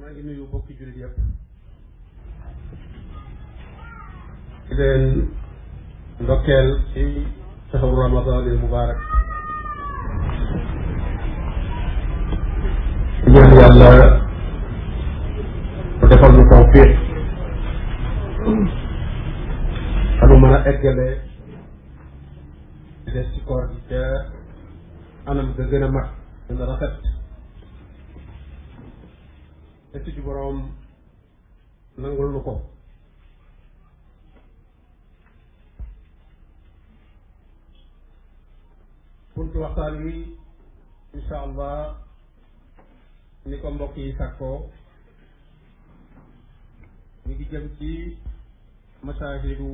maa ngi nuyu mbokki jullit yëpp di leen ndokkeel ci saxaru ramadan il mubaarak ñaan yàlla mu defal ñu tawfiq xanu mën a eggale des ci koor gi ca anam ga gën a mag gën a rafet te suñu boroom nangul nu ko buntu waxtaan wi insha allah ni ko mbokk yi sàkkoo ñu ngi jëm ci masaahidu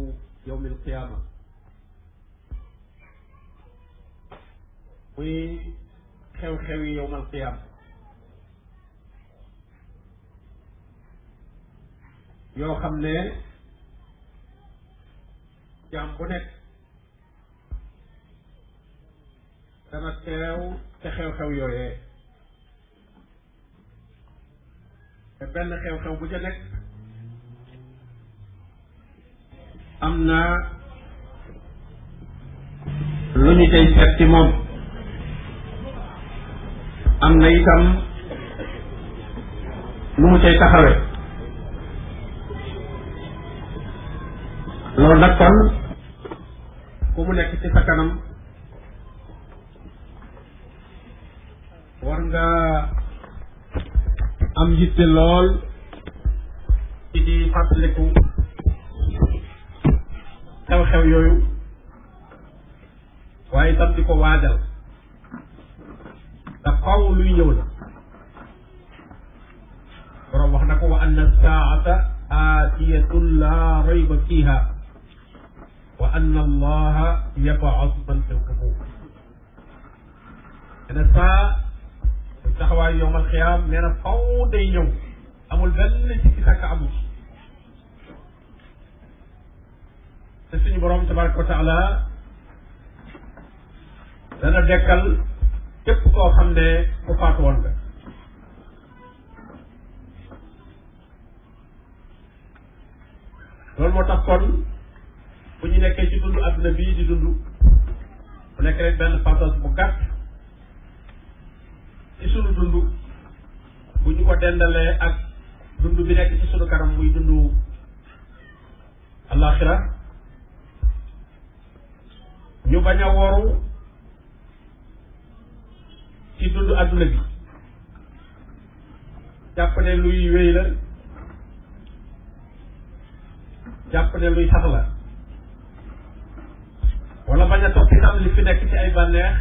yawmil qiyaama muy xew-xewi yawmal yoo xam ne jaam bu nekk dana teew te xew-xew yooyee te benn xew-xew bu ca nekk am na lu ñu am na itam lu mu cay loolu na kon ku mu nekk ci war nga am yitte lool ci di xew yooyu waaye itam di ko waajal ndax faw wax na wa anna saata aatiyatun la rayba fiiha wa anna allaha yabaas man fil qubur te ne saa suñ taxawaay yowmal xiyaam nee na faw day ñëw amul benn ci ci sàkk amul te suñu borom tabaraka wa taala dana dekkal képp koo xam ne ku faatu woon nga loolu moo tax kon bu ñu nekkee ci dund àdduna bii di dund bu nekk rek benn passage bu gàtt ci sunu dund bu ñu ko dendalee ak dund bi nekk ci sunu kanam muy dund alaxira ñu bañ a woru ci dund àdduna bi jàpp ne luy wéy la jàpp ne luy sax la wala bañ a topp itam li fi nekk ci ay bànneex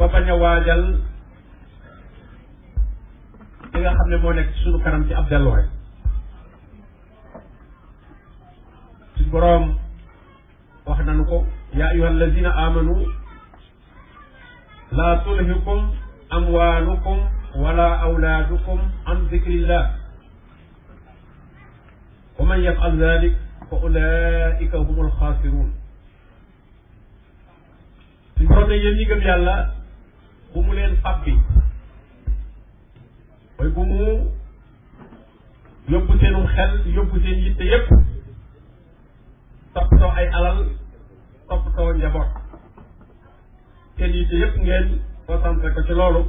ba bañ a waajal li nga xam ne moo nekk ci sunu kanam ci ab delluwaay suñ boroom wax nañu ko yaa ayuha allazina amanu laa tulhikum amwaalukum wala awlaadukum an dikrillah wa man yafal dalik fa ulaika humul xaasiruun suñ borom ne yéen ñi gëm yàlla bu mu leen fàbbi mooy bu mu yóbbu seenum xel yóbbu seen yitte yépp toppatoo ay alal toppatoo njaboot seen yitte yépp ngeen concentré ko ci loolu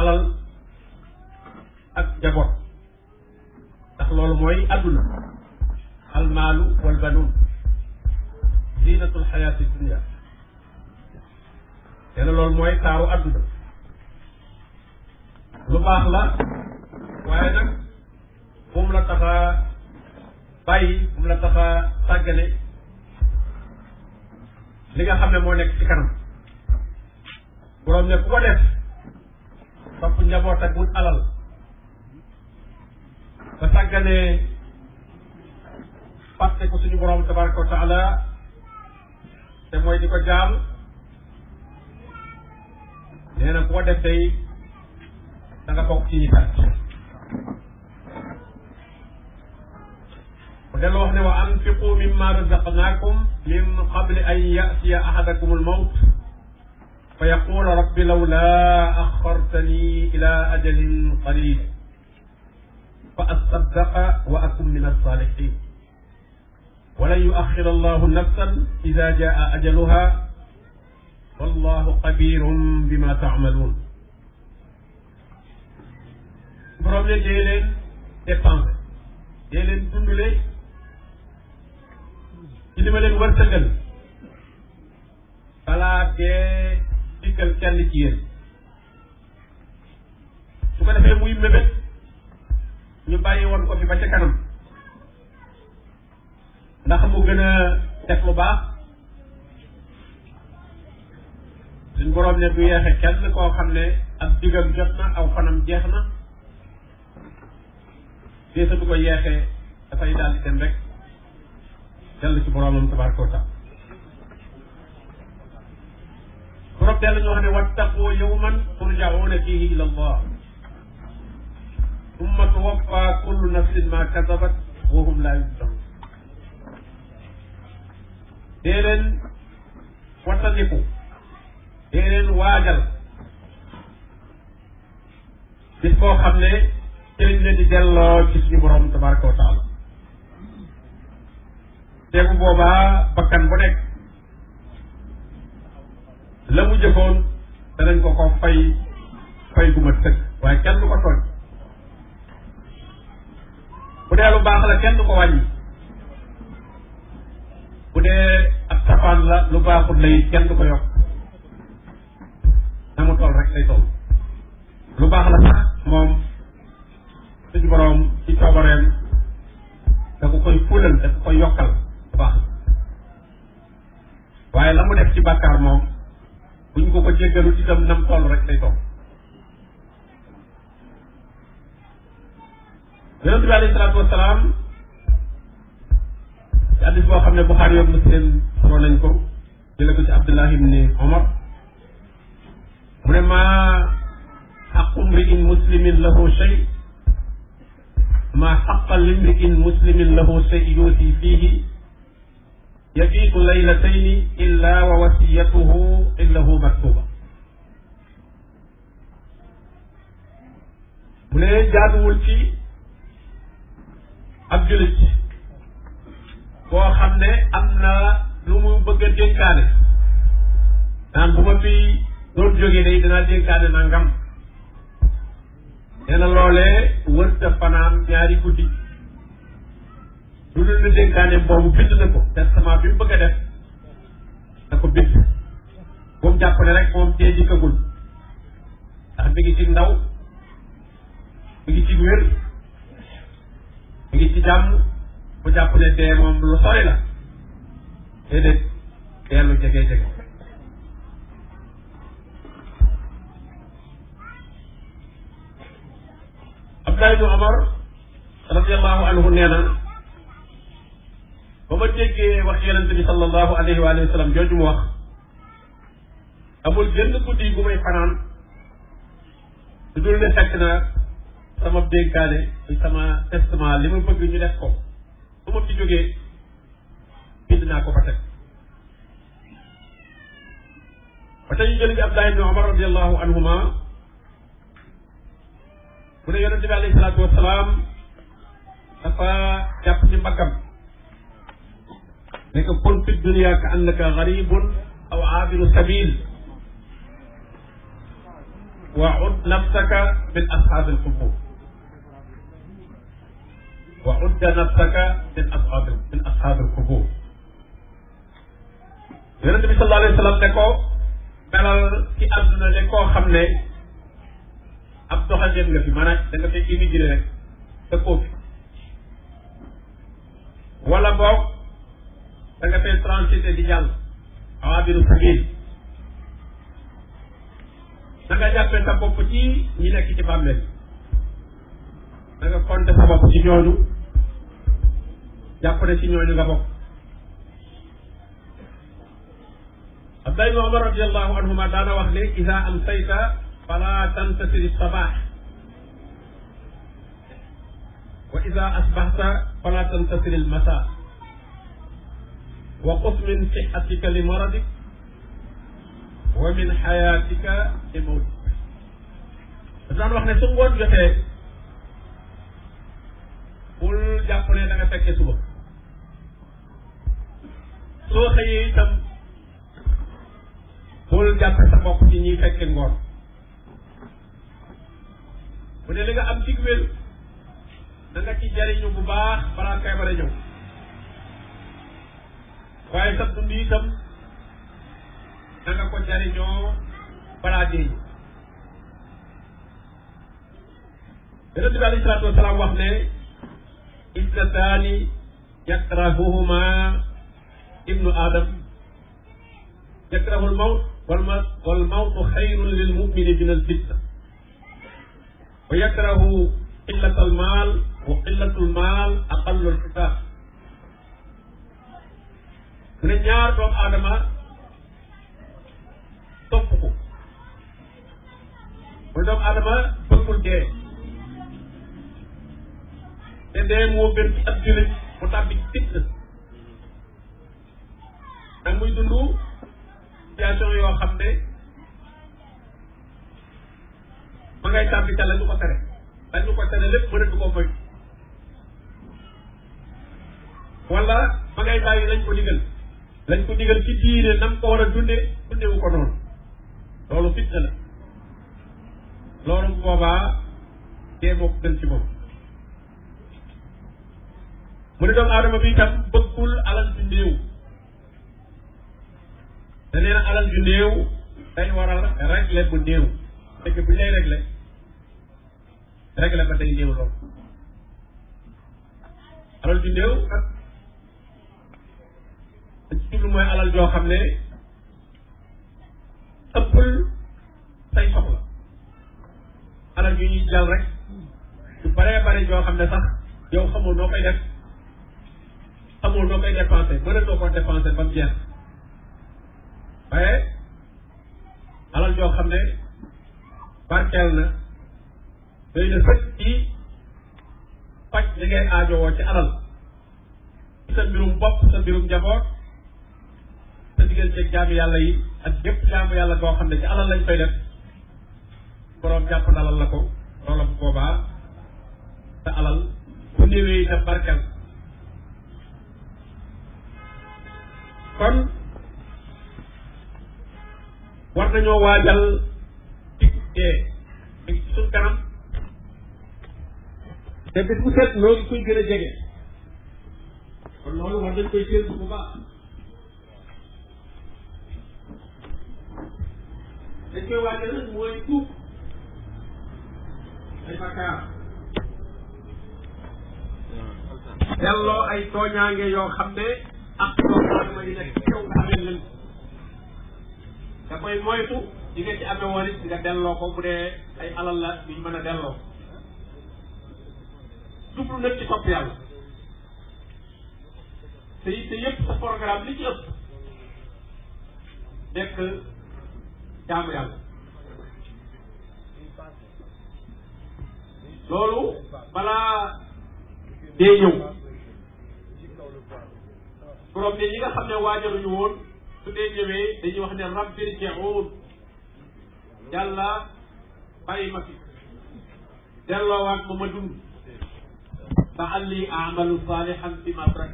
alal ak njaboot ndax loolu mooy adduna almaalu wal banuun zinatul xayaati dunia te na loolu mooy taaru adduna lu baax la waaye nag bu mu taxa bàyyi bu mu taxa sàggane li nga xam ne moo nekk ci kanam borom ne ku ko def topp njaboot ak alal ba sàgganee fàtte ko suñu borom tabaraka wa taala te mooy di ko jaam nee na boo def day da nga bokk ci ñi perte mu dellu wax ne wa anfiqu mimma razaqnaakum min qabli an yatiya ahadakum al mawt fa yaqula rabbi lawla axartani ila ajalin qalil fa asaddaqa wa akun min alsalihin walan yuaxir allahu nafsan ida jaa ajaluha wallahu xabirun bima taamaluun borom ne dee leen dépensé dee leen dundale ci li ma leen wërsëgal balaa dee dikkal kenn ci yéen su ko defee muy mébét ñu bàyyi woon ko fi ba ca kanam ndax mu gën a def lu baax suñ boroom ne du yeexe kenn koo xam ne ab digam jot na aw fanam jeex na déesa du ko yeexee dafay daal di dem rek dellu ci boroomam tabaraka wa taala borom dellu ñu wax ne wattaqu yawman turja'una fihi ila summa tuwaffa kullu nafsin ma kasabat wa hum laa yuzlamun dee leen wattandiku dee leen waajal bis boo xam ne ci lañ leen di delloo ci suñu borom tabaraka wa taala teegu boobaa bakkan bu la mu jëfoon danañ ko ko fay fay gu ma waaye kenn du ko tooñ bu dee lu baax la kenn du ko wàññi bu dee ab safaan la lu baaxul la kenn du ko yokk na mu toll rek lay toll lu baax la sax moom suñu boroom ci coobareem dafa koy fulal dafa koy yokkal bu waaye la mu def ci bàkkaar moom buñ ko ko jéggalu itam nam toll rek lay toll yonent bi alayhi salaatu wasalaam ci addis boo xam ne Buxaari yoog Muslim solo nañ ko jële ko ci Abdullah ibni Omar mu ne maa xaqu mriin muslimin lahu shay maa xaqa limriin muslimin lahu shay yuusi fiihi yafiiqu laylatayni illa wa wasiyatuhu indahu maktuba mu ne jaaduwul ci ab jullit boo xam ne am na lu mu bëgg a dénkaane naan bu ma fi doon jógee day danaa dénkaane nangam nee na loolee wërta fanaan ñaari guddi lu dul ne dénkaane boobu bind na ko testament bi mu bëgg a def na ko bind moom jàpp ne rek moom tee dikkagul ndax mi ngi ci ndaw mi ngi ci wér mi ngi ci jàmm bu jàpp ne dee moom lu sori la déedéet dee lu jege jege Abdullah ibn Omar radiallahu anhu nee na ba ma déggee wax yonente bi sallallahu alayhi wa sallam jooju mu wax amul gën guddi gu may fanaan su dul ne fekk na sama dénkaane sama testament li ma bëgg ñu def ko su ma ci jógee bind naa ko fa teg ba tey jël ci Abdullah ibn Umar radiallahu anhuma mu ne yonente bi alayhi salaatu wasalaam dafa jàpp ci mbaggam ne ko kun fi dunia ka annaka garibun aw aabiru sabil wa ud nafsaka min ashaabil qubur wa udda nafsaka min ashaabil min ashaabil qubur yonente bi sallallahu alayhi wa sallam ne ko melal ci àdduna ne koo xam ne ab doxandéem nga fi maanaam da nga fi immigré rek te koo fi wala boog da nga fay transité di jàll awaabiru sabil da nga jàppee sa bopp ci ñi nekk ci bàmmeel da nga compté sa bopp ci ñooñu jàpp ne ci ñooñu nga bokk Abdullah ibn Umar radiallahu anhuma daana wax ne ida amsayta fala tantasir sabaax wa ida asbaxta fala tantasir almasa wa qus min sixatika li maradik wa min xayaatika li mawtik daan wax ne su ngoon jotee bul jàpp ne da nga fekkee suba soo xëyee itam bul jàpp sa bopp ci ñuy fekke ngoon bu am cig wér da nga ci jariñu bu baax balaa feebar waaye sa dund itam ko jariñoo balaa dee yonente bi alayhi salaatu wasalaam wax ne isnataani yakrahuhuma ibnu adam yakrahu al mawt wal ma wal mawtu xayrun lil mumini min al fitna wa yakrahu qillat al maal wa qillatu al maal aqallu al xisaab mu ne ñaar doomu aadama topp ko mooy doomu aadama bëggul dee te dee moo gën ci ab jullit mu tàbbi ci fitna da muy dund situation yoo xam ne ma ngay tàmbi ca la ñu tere la ñu ko tere lépp mënatu ko moytu wala ma ngay bàyyi lañ ko digal lañ ko digal ci diine nam ko war a dundee dundewu ko noonu loolu fitna la loolu boobaa dee moo ko gën ci moom mu ne doomu aadama bi itam bëggul alal bi néew da nee na alal ju néew dañ war a régler bu néew dëkk bu ñu lay régler régler ba day néew lu alal ju néew ak dañ ci alal joo xam ne ëppal say soxla alal yu ñuy jàll rek bare baree bare joo xam ne sax yow xamul noo koy def xamul noo koy dépensé mën a noo ko waaye alal joo xam ne barkeel na day na sëkk ci paj li ngay aajowoo ci alal sa mbirum bopp sa mbirum njaboot sa digganteeg jaamu yàlla yi ak gépp jaamu yàlla goo xam ne ci alal lañ koy def boroom jàpp nalal la ko loola bu boobaa sa alal bu néewee itam barkeel kon war nañoo waajal dig dee mu ngi ci suñ kanam te bés bu set noo ngi koy gën a jege kon loolu war nañ koy séentu bu baax dañ koy waajal ay bakkaar delloo da koy moytu yi nga ci amee woon it ko bu dee ay alal la yuñ mën a delloo jublu nag ci topp yàlla te sa programme li ci ëpp nekk jaamu yàlla loolu balaa dee ñëw borom ne yi nga xam ne waajaluñu woon su dee ñëwee dañuy wax ne rabbi ji'uun yàlla bàyyi ma fi delloowaat ma ma dund la'allii a'malu saalihan fiimaa tarak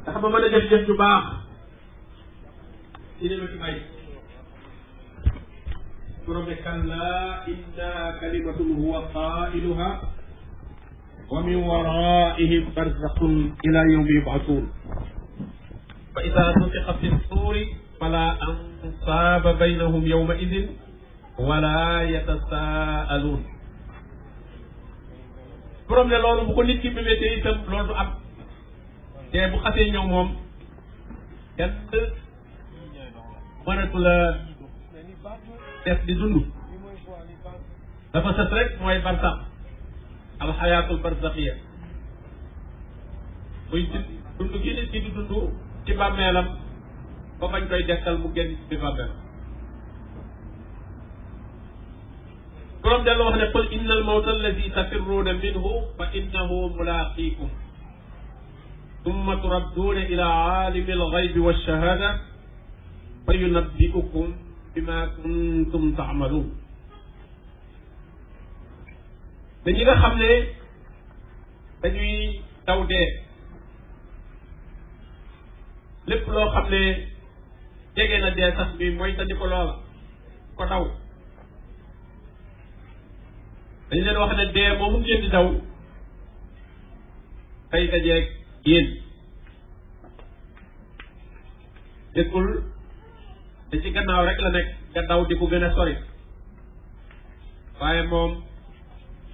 ndax ma mën a def jëf ju baax ci li ma fi bàyyi borom bi kallaa innahaa kalimatun huwa qaa'iluhaa wa min waraa'ihim barzakhun ilaa yawmi yub'athuun إذا نفخ في الصور فلا أنصاب بينهم يومئذ ولا يتساءلون borom ne loolu bu ko nit ki bëggee itam loolu du am te bu xasee ñëw moom kenn mënatu la def di dund dafa sës rek mooy barsax alxayaatul barsaxiya muy dund gi nit ki di dund ci bàmmeelam ba bañ koy dekkal mu génn ci bàmmeelam borom dellu wax ne qul inna al mawta alladi tafirruuna minhu fa innahu mulaaqiikum summa turadduuna ila aalimi al gaybi wa shahaada fa yunabbiukum bima kuntum taamaluun dañu nga xam ne dañuy daw dee lépp loo xam ne jege na dee sax bi mooy tandi ko loola ko daw dañ leen wax ne dee moomu ngeen di daw tay dajeeg yéen dëkkul da ci gannaaw rek la nekk nga daw di ko gën a sori waaye moom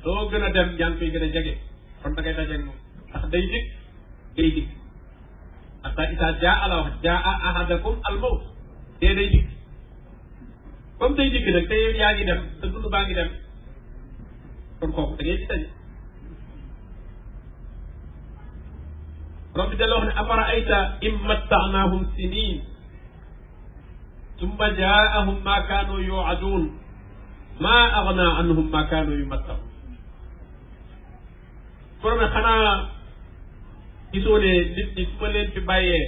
lool gën a dem yaa ngi koy gën a jege kon da ngay dajeeg moom ndax day dikk day dikk hatta isa jaa la wax jaa ahadakum al mawt dee day dikk comme day dikk nag te yow yaa ngi dem te dund baa ngi dem kon kooku da ngay ci dañ borom bi dala wax ne afara ayta in mattaanaahum sinin summa jaahum ma kaanu yuadun ma agna anhum ma kaanu yumattaun borom ne xanaa gisoo ne nit ñi su ma leen fi bàyyee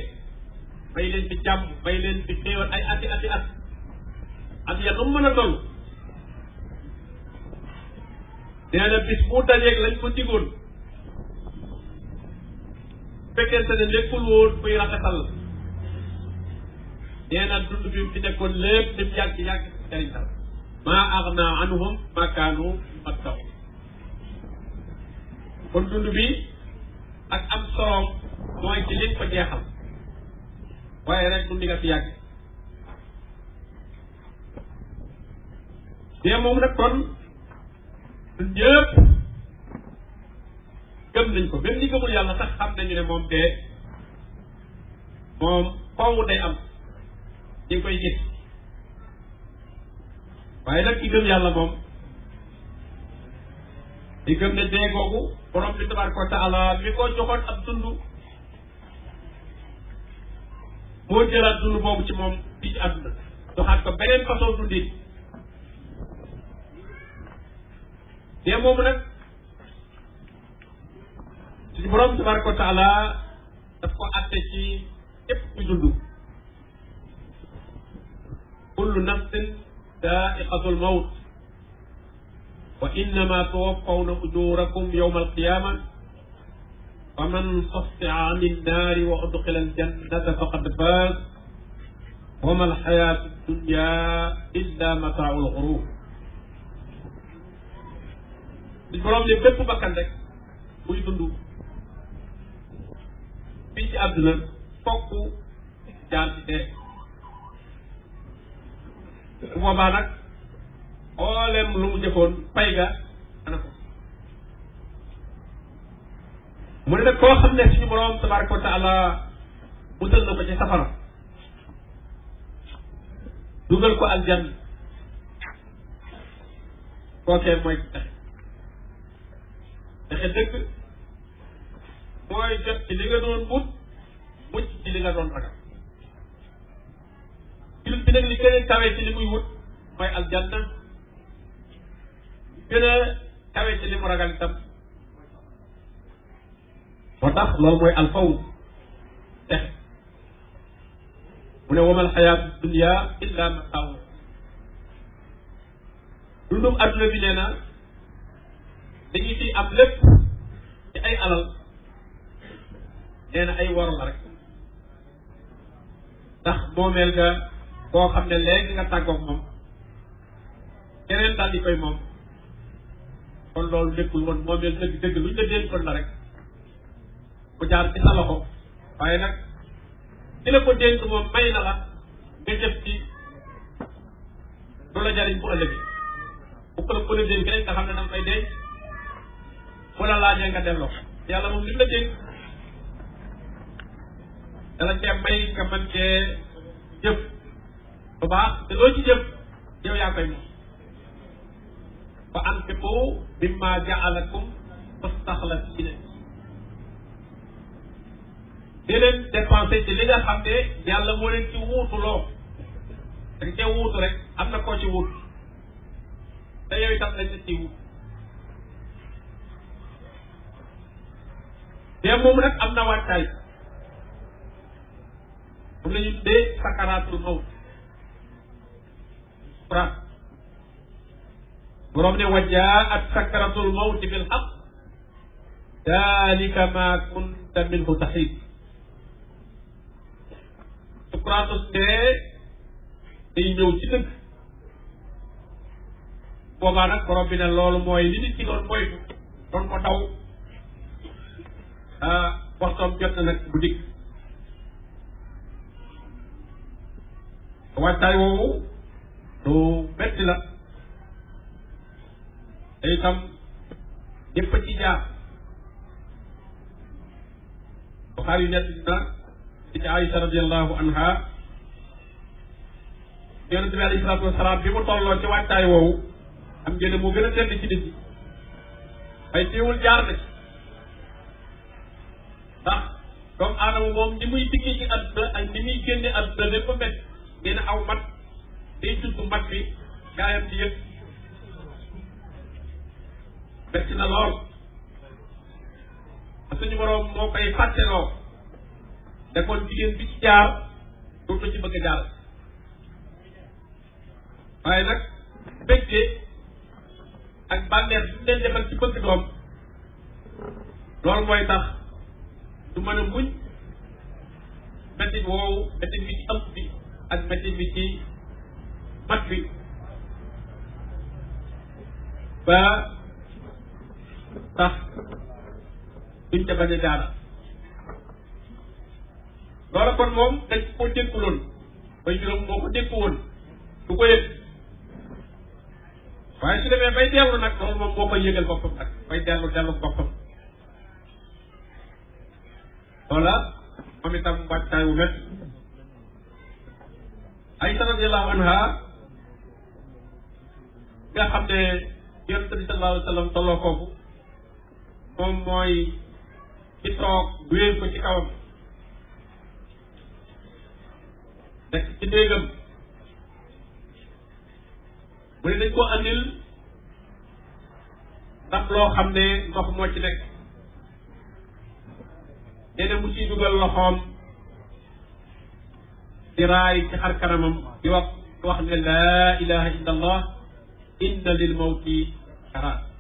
bay leen fi jàmm bay leen fi xéewal ay ati ati at at ya nu mën a toll nee na bis bu dajeeg lañ ko digoon fekkente ne nekkul woon kuy rafetal la nee na dund bi fi nekkoon lépp lim yàgg yàgg jëriñ dara maa agna anhum ma kaanu fattaw kon dund bi ak am soroom mooy ci liñ ko jeexal waaye rek du ndigal fi yàgg dee moom nag kon ñun ñëpp gëm nañ ko même ñi gëmul yàlla sax xam nañu moom dee moom foofu day am ñi ngi koy gis waaye nag ki gëm yàlla di gëm ne dee googu borom bi tabaraka wa taala mi ko joxoon ab dund moo jëlaat dund boobu ci moom fii ci àdduna joxaat ko beneen façon dundin dee moomu nag suñu borom tabaraka wa taala daf ko atte ci képp ku dund kullu nafsin daa'iqatul mawt wa innama tuwaffawna ujurakum yawma alqiyama faman suffiha ani nnaari wa udxila aljannata faqad faaz wa ma alxayaatu dunya illa mataau lxurur di borom ne bépp bakkan rek buy dund fii ci àdduna fokk jaar ci dee su boobaa nag mboolem lu mu jëfoon pay ga ana ko mu ne nag koo xam ne suñu borom tabaraka wa taala musal na ko ci safara dugal ko aljanna kookee mooy texe texe dëkk mooy jot ci li nga doon wut mucc ci li nga doon ragal jullit bi nag li gën a kawe ci li muy wut mooy aljanna gën a kawe ci li mu ragal itam moo tax loolu mooy alfaw tex mu ne wamal xayaatu dunia illa mataaw dundum adduna bi nee na dañu fi am lépp ci ay alal nee na ay wor la rek ndax moomeel nga koo xam ne léegi nga tàggoog moom daal di koy moom kon loolu nekkul woon moomeel dëgg dëgg lu ñu la dénkoon la rek mu jaar ci sa loxo waaye nag ki la ko dénk moom may na la nga jëf ci lu la jariñ bu ëllëgee bu ko la ko la dénk rek nga xam ne na koy denc bu la laajee nga delloo yàlla moom li la dénk dala cee may nga mën cee jëf bu baax te loo ci jëf yow yaa koy moom fa anfiqu mimma jaalakum mustaxlasina di leen dépensé ci li nga xam ne yàlla moo leen ci wuutuloo dañ cee wuutu rek am na koo ci wuut te yooyu tam dañ ci wuut dee moom nag am na wàccaay moom la ñu dee sakaraatul mawt boroom ne wajaa at sakratul mawti bil haq ma kunta minhu taxib sukraatus dee day ñëw ci dëgg boobaa nag borom bi nit ki doon moytu doon ko daw ah, waxtoom jot na nag bu dikk waajtaay woowu lu metti la te itam ñëpp ci jaar Buxaari yu nett na di ci Aïsa radiallahu anha bi mu tolloo ci waajtaay woowu am ngeen moo gën a tedd ci nit ñi ay téewul jaar na ci ndax comme moom ni muy dikkee ci àdduna ni muy génne àdduna lépp a métti aw mat day judd mat bi gaayam ci yëpp bett na lool te suñu boroom moo koy fàtteloo da kon jigéen bi ci jaar dootu ci bëgg a jaar nag mbégte ak bànneex bi mu leen defal ci mooy tax du mën a muñ métti woowu métti bi ci ëpp bi ak métti bi ci mat ba tax duñ ca bañ a jaar loola kon moom dañ ko dénkuloon bay juróom moo ko dénku woon ko yëg waaye su demee bay dellu nag loolu moom moo koy yëgal boppam nag bay dellu dellu boppam loola moom itam wàccaay wu métti Aysa radiyallahu anha nga xam ne yonent bi sallallahu alayhi wa sallam moom mooy ci toog ko ci kawam nekk ci néegam mu ne dañ ko andil ndax loo xam ne ndox moo ci nekk nee na mu ciy dugal loxoom di raay ci xar kanamam di wax wax ne laa ilaha illa allah inna lil mawti karaa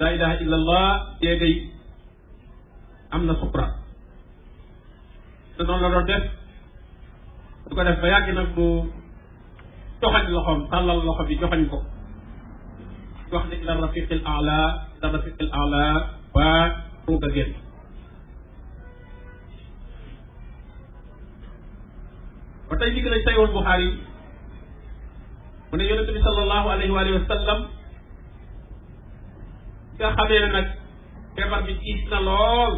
laa ilaha illa allah yee day am na sukuraat te noonu la doon def su ko def ba yàgg nag mu joxañ loxoom tàllal loxo bi joxañ ko wax ne ila rafiqil ala ila rafiqil ala waa ruuga génn ba tey li gën a teyoon Buxaari mu ne yonente bi sallallahu alayhi wa sallam nga xamee ne nag feebar bi tiis na lool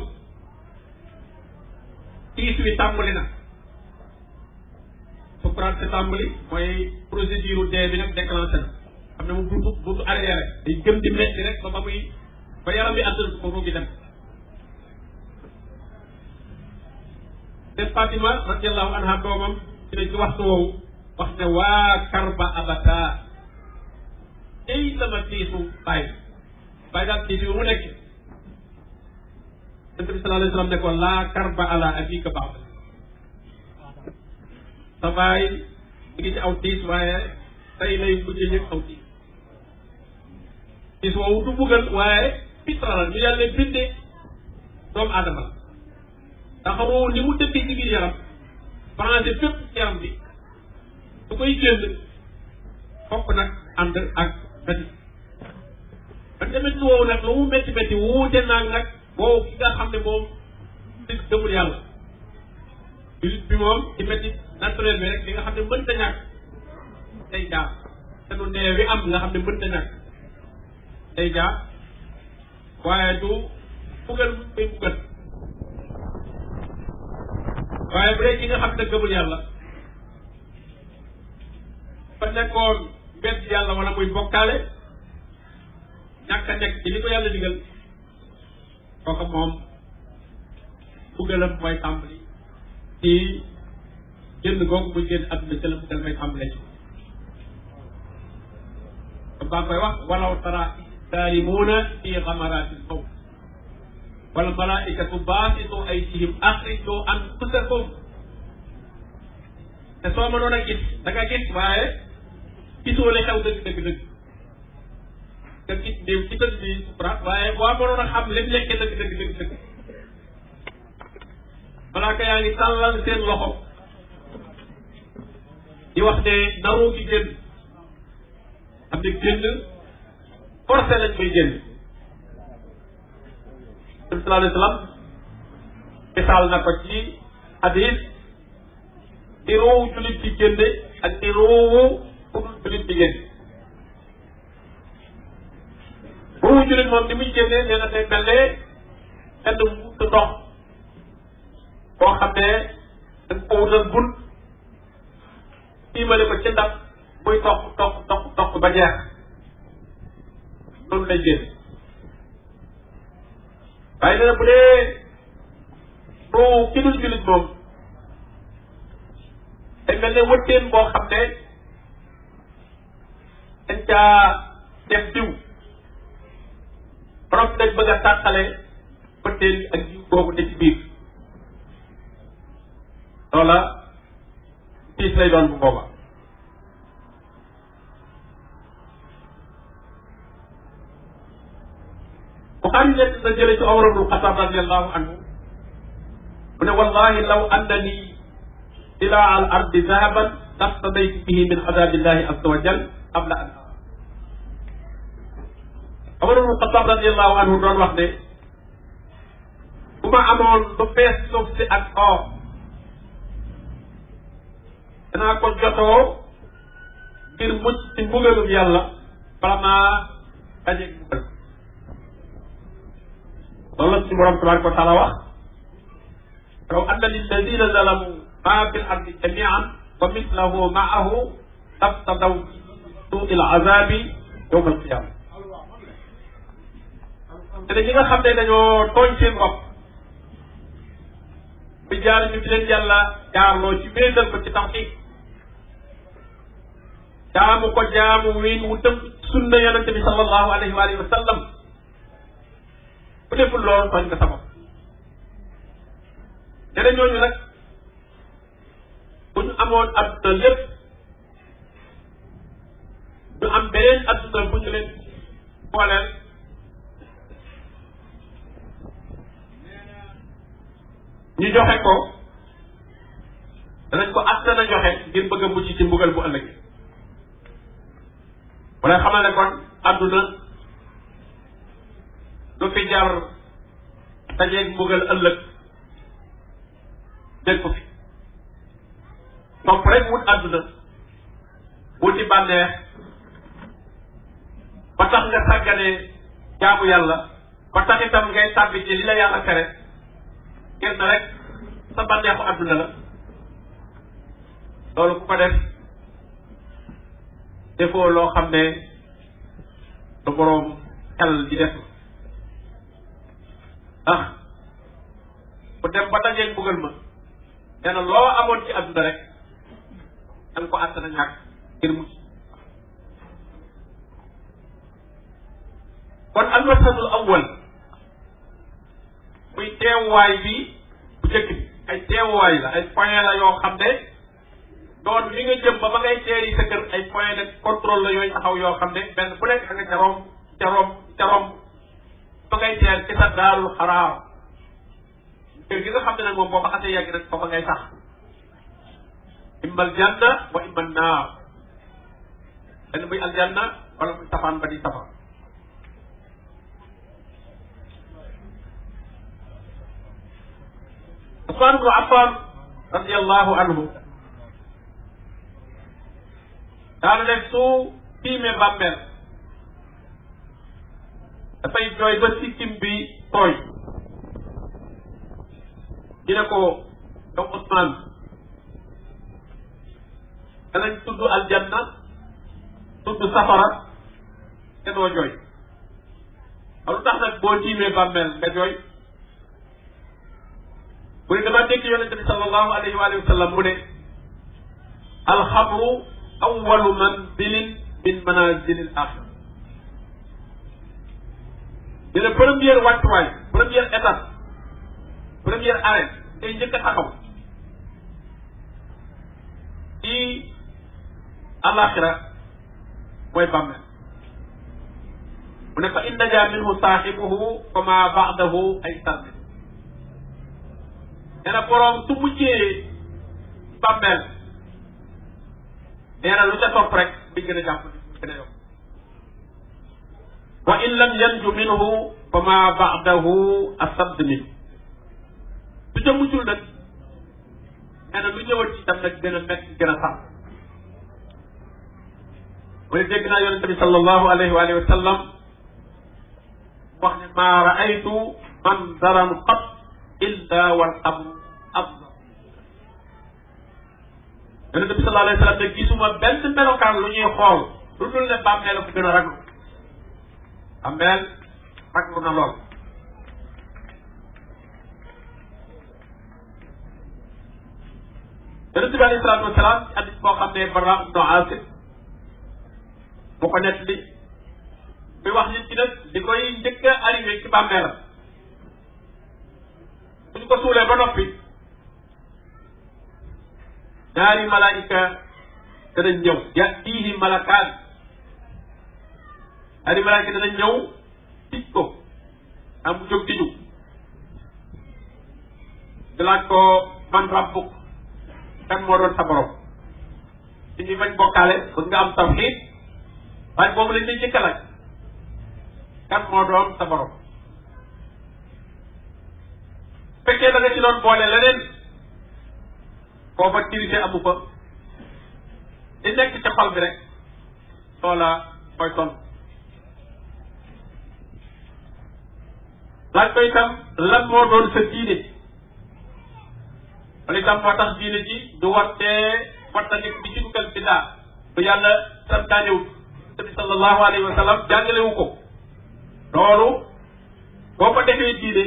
tiis wi tàmbali na souffrance tàmbali mooy procédure dee bi nag déclenché na xam ne moom du du du arrière di metti rek ba ba muy ba yaram bi àttan ko ruugi dem te Fatima radiallahu anha doomam ci ne ci waxtu wax ne waa karba abata ay sama tiisu bàyyi bàyyi daal kii bi mu nekk yonent bi sallallahu alayhi wa sallam ne ko laa karba ala abika ba'd sa baay mi ngi ci aw tiis waaye tey lay mujj yëg aw tiis tiis woowu du buggal waaye fitra la ñu yàlla bindee doomu aadama ndax roo ni mu tëddee ci biir yaram branché fépp yaram bi su koy génn fokk nag ànd ak métit tamit woowu nag lu mu métti métti wuute naag nag boobu ki nga xam ne moom di dëmul yàlla julit bi moom ci métti naturel bi rek li nga xam ne mënta ñàkk day jaar te nu nee wi am nga xam ne mënta ñàkk day jaar waaye du bugal mu koy bugal waaye bu dee ki nga xam ne gëmul yàlla fa nekkoon mbedd yàlla wala muy bokkaale ñàkk a teg ci li ko yàlla digal kooku moom buggalam mooy tàmbali ci génn googu muy génn àdduna ci la buggal may tàmbale ci kon baa koy wax walaw tara saalimuuna fi xamaraati lmawt wal malaikatu baasitu aydihim axrijoo anfusakum te soo mënoon a gis da nga gis waaye gisoo xew dëgg dëgg te nit néew ci tënk bi sutura waaye boo mënoon a xam lim lekkee dëgg dëgg dëgg dëgg malaaka yaa ngi tàllal seen loxo di wax ne naroo gi génn am ne génn forcé lañ koy génn sallallahu alayhi wa sallam misaal na ko ci hadis ni roowu jullit bi génne ak ni roowu ku dul jullit bi génne jullit moom li muy génnee nee na day mel ne tedd bu ndox boo xam ne dañ ko wutal bun tiimale ko ci ndab muy toq toq toq toq ba jeex loolu lay génn waaye nee na bu dee bu ki dul jullit moom day mel ne wëtteen boo xam ne dañ caa def diw borom dañ bëgg a tàqale pëteel ak jiw boobu ne ci biir loola tiis lay doon bu booba Buxaari nekk na jële ci Omar ibnu Xattaab radiyallahu anhu mu ne wallahi law annani ilaa al ardi zahaban laftadaytu bihi min adaabillahi azza wa jal qabla an Omar ibn Xattaab radiyallahu anhu doon wax ne bu ma amoon ba fees suuf si ak or danaa ko jotoo ngir mucc ci mbugalum yàlla bala maa dajeeg mbugal loolu la ci borom tabaraka wa taala wax law anna lilladina zalamu ma fi l ardi jamian wa mislahu maahu labtadaw bi suuil azabi yowma alqiyama te ñi xam ne dañoo tooñ seen bopp bi jaar ñu di leen yàlla jaarloo ci méetal ko ci tawxiid jaamu ko jaamu wiin wu tëb sunna yonente bi sallallahu alayhi wa alihi wa sallam bu deful loolu tooñ nga sa bopp te amoon adduna lépp ñu am beneen adduna bu ñu leen ñu joxe ko danañ ko astana joxe ngir bëgg a mucc ci mbugal bu ëllëg mu ne xamal ne kon àdduna du fi jar dajeeg mbugal ëllëg dégg ko fi topp rek wut àdduna wuti bànneex ba tax nga sàgganee jaamu yàlla ba tax itam ngay tàbbi ci li la yàlla tere kenn rek sa bànneexu àdduna la loolu ku ko def defoo loo xam ne lu boroom xel di def ndax ku dem ba dajeeg mbugal ma nee na loo amoon ci àdduna rek danga ko àttana ñàkk ngir mucc kon almasanul awwal muy teewuwaay bi bu njëkk bi ay teewuwaay la ay point la yoo xam ne doon li nga jëm ba ba ngay teeri sa kër ay point de contrôle la yooyu taxaw yoo xam ne benn bu nekk da nga ca romb ca romb ca romb ba ngay teer ci sa daarul xaraam kër gi nga xam ne nag moom boo fa xasee yàgg nag foofa ngay sax imbal janna wa imbal naar ba di safaan Usmaan ibnu Affaan radiyallahu anhu daana su tiime bàmmeel dafay jooy ba sikkim bi tooy dina ko yow Usmaan danañ tudd aljanna tudd safara te doo jooy lu tax nag boo tiimee bàmmeel nga jooy mu ne damaa dégg yonente bi sallallahu alayhi wa sallam mu ne alxamru awalu manzilin min manazilil axira ñu ne première wàccuwaay première étape première arrêt day njëkk a taxaw ci alaxira mooy bàmmeel mu ne fa in najaa minhu saaxibuhu fa ma baadahu ay sànni nee na boroom su mujjee bàmmeel nee na lu ca topp rek di gën a jàpp gën a yokk wa in lam yanju minhu fa ma ba'dahu asadd min su ca muccul nag nee na lu ñëwat ci tam nag gën a métti gën a sax mu ne dégg naa yonente bi sallallahu alayhi wa alihi wa sallam wax ne maa raaytu manzaran qat illa wal am am yonent bi sallallahu alayhi wa sallam ne gisuma benn melokaan lu ñuy xool lu dul ne bàmmeel ko gën a raglu bàmmeel raglu na lool yonent bi alayhi salaatu wasalaam hadis boo ne Barra ibnu Aasib bu ko nett li bi wax nit ki nag di koy njëkk a arrivé ci buñ ko suulee ba noppi daari malaayika danañ ñëw yatiihi malakaan daari malaayika danañ ñëw tij ko am mu jóg ko man rabbuk kan moo doon sa borom ci ñi bañ bokkaale bëgg nga am tawxiid waaye boobu lañ lañ jëkka laaj kan moo doon sa fekkee da nga ci doon boole leneen booba dirigé amu fa di nekk ca xol bi rek loola mooy tontu laaj ko itam lan moo doon sa diine wala itam moo tax diine ji du wattee wattanik bi ci dugal bidaa bu yàlla santaanewu nabi sallallahu alayhi wa sallam jàngalewu ko loolu boo ko defee diine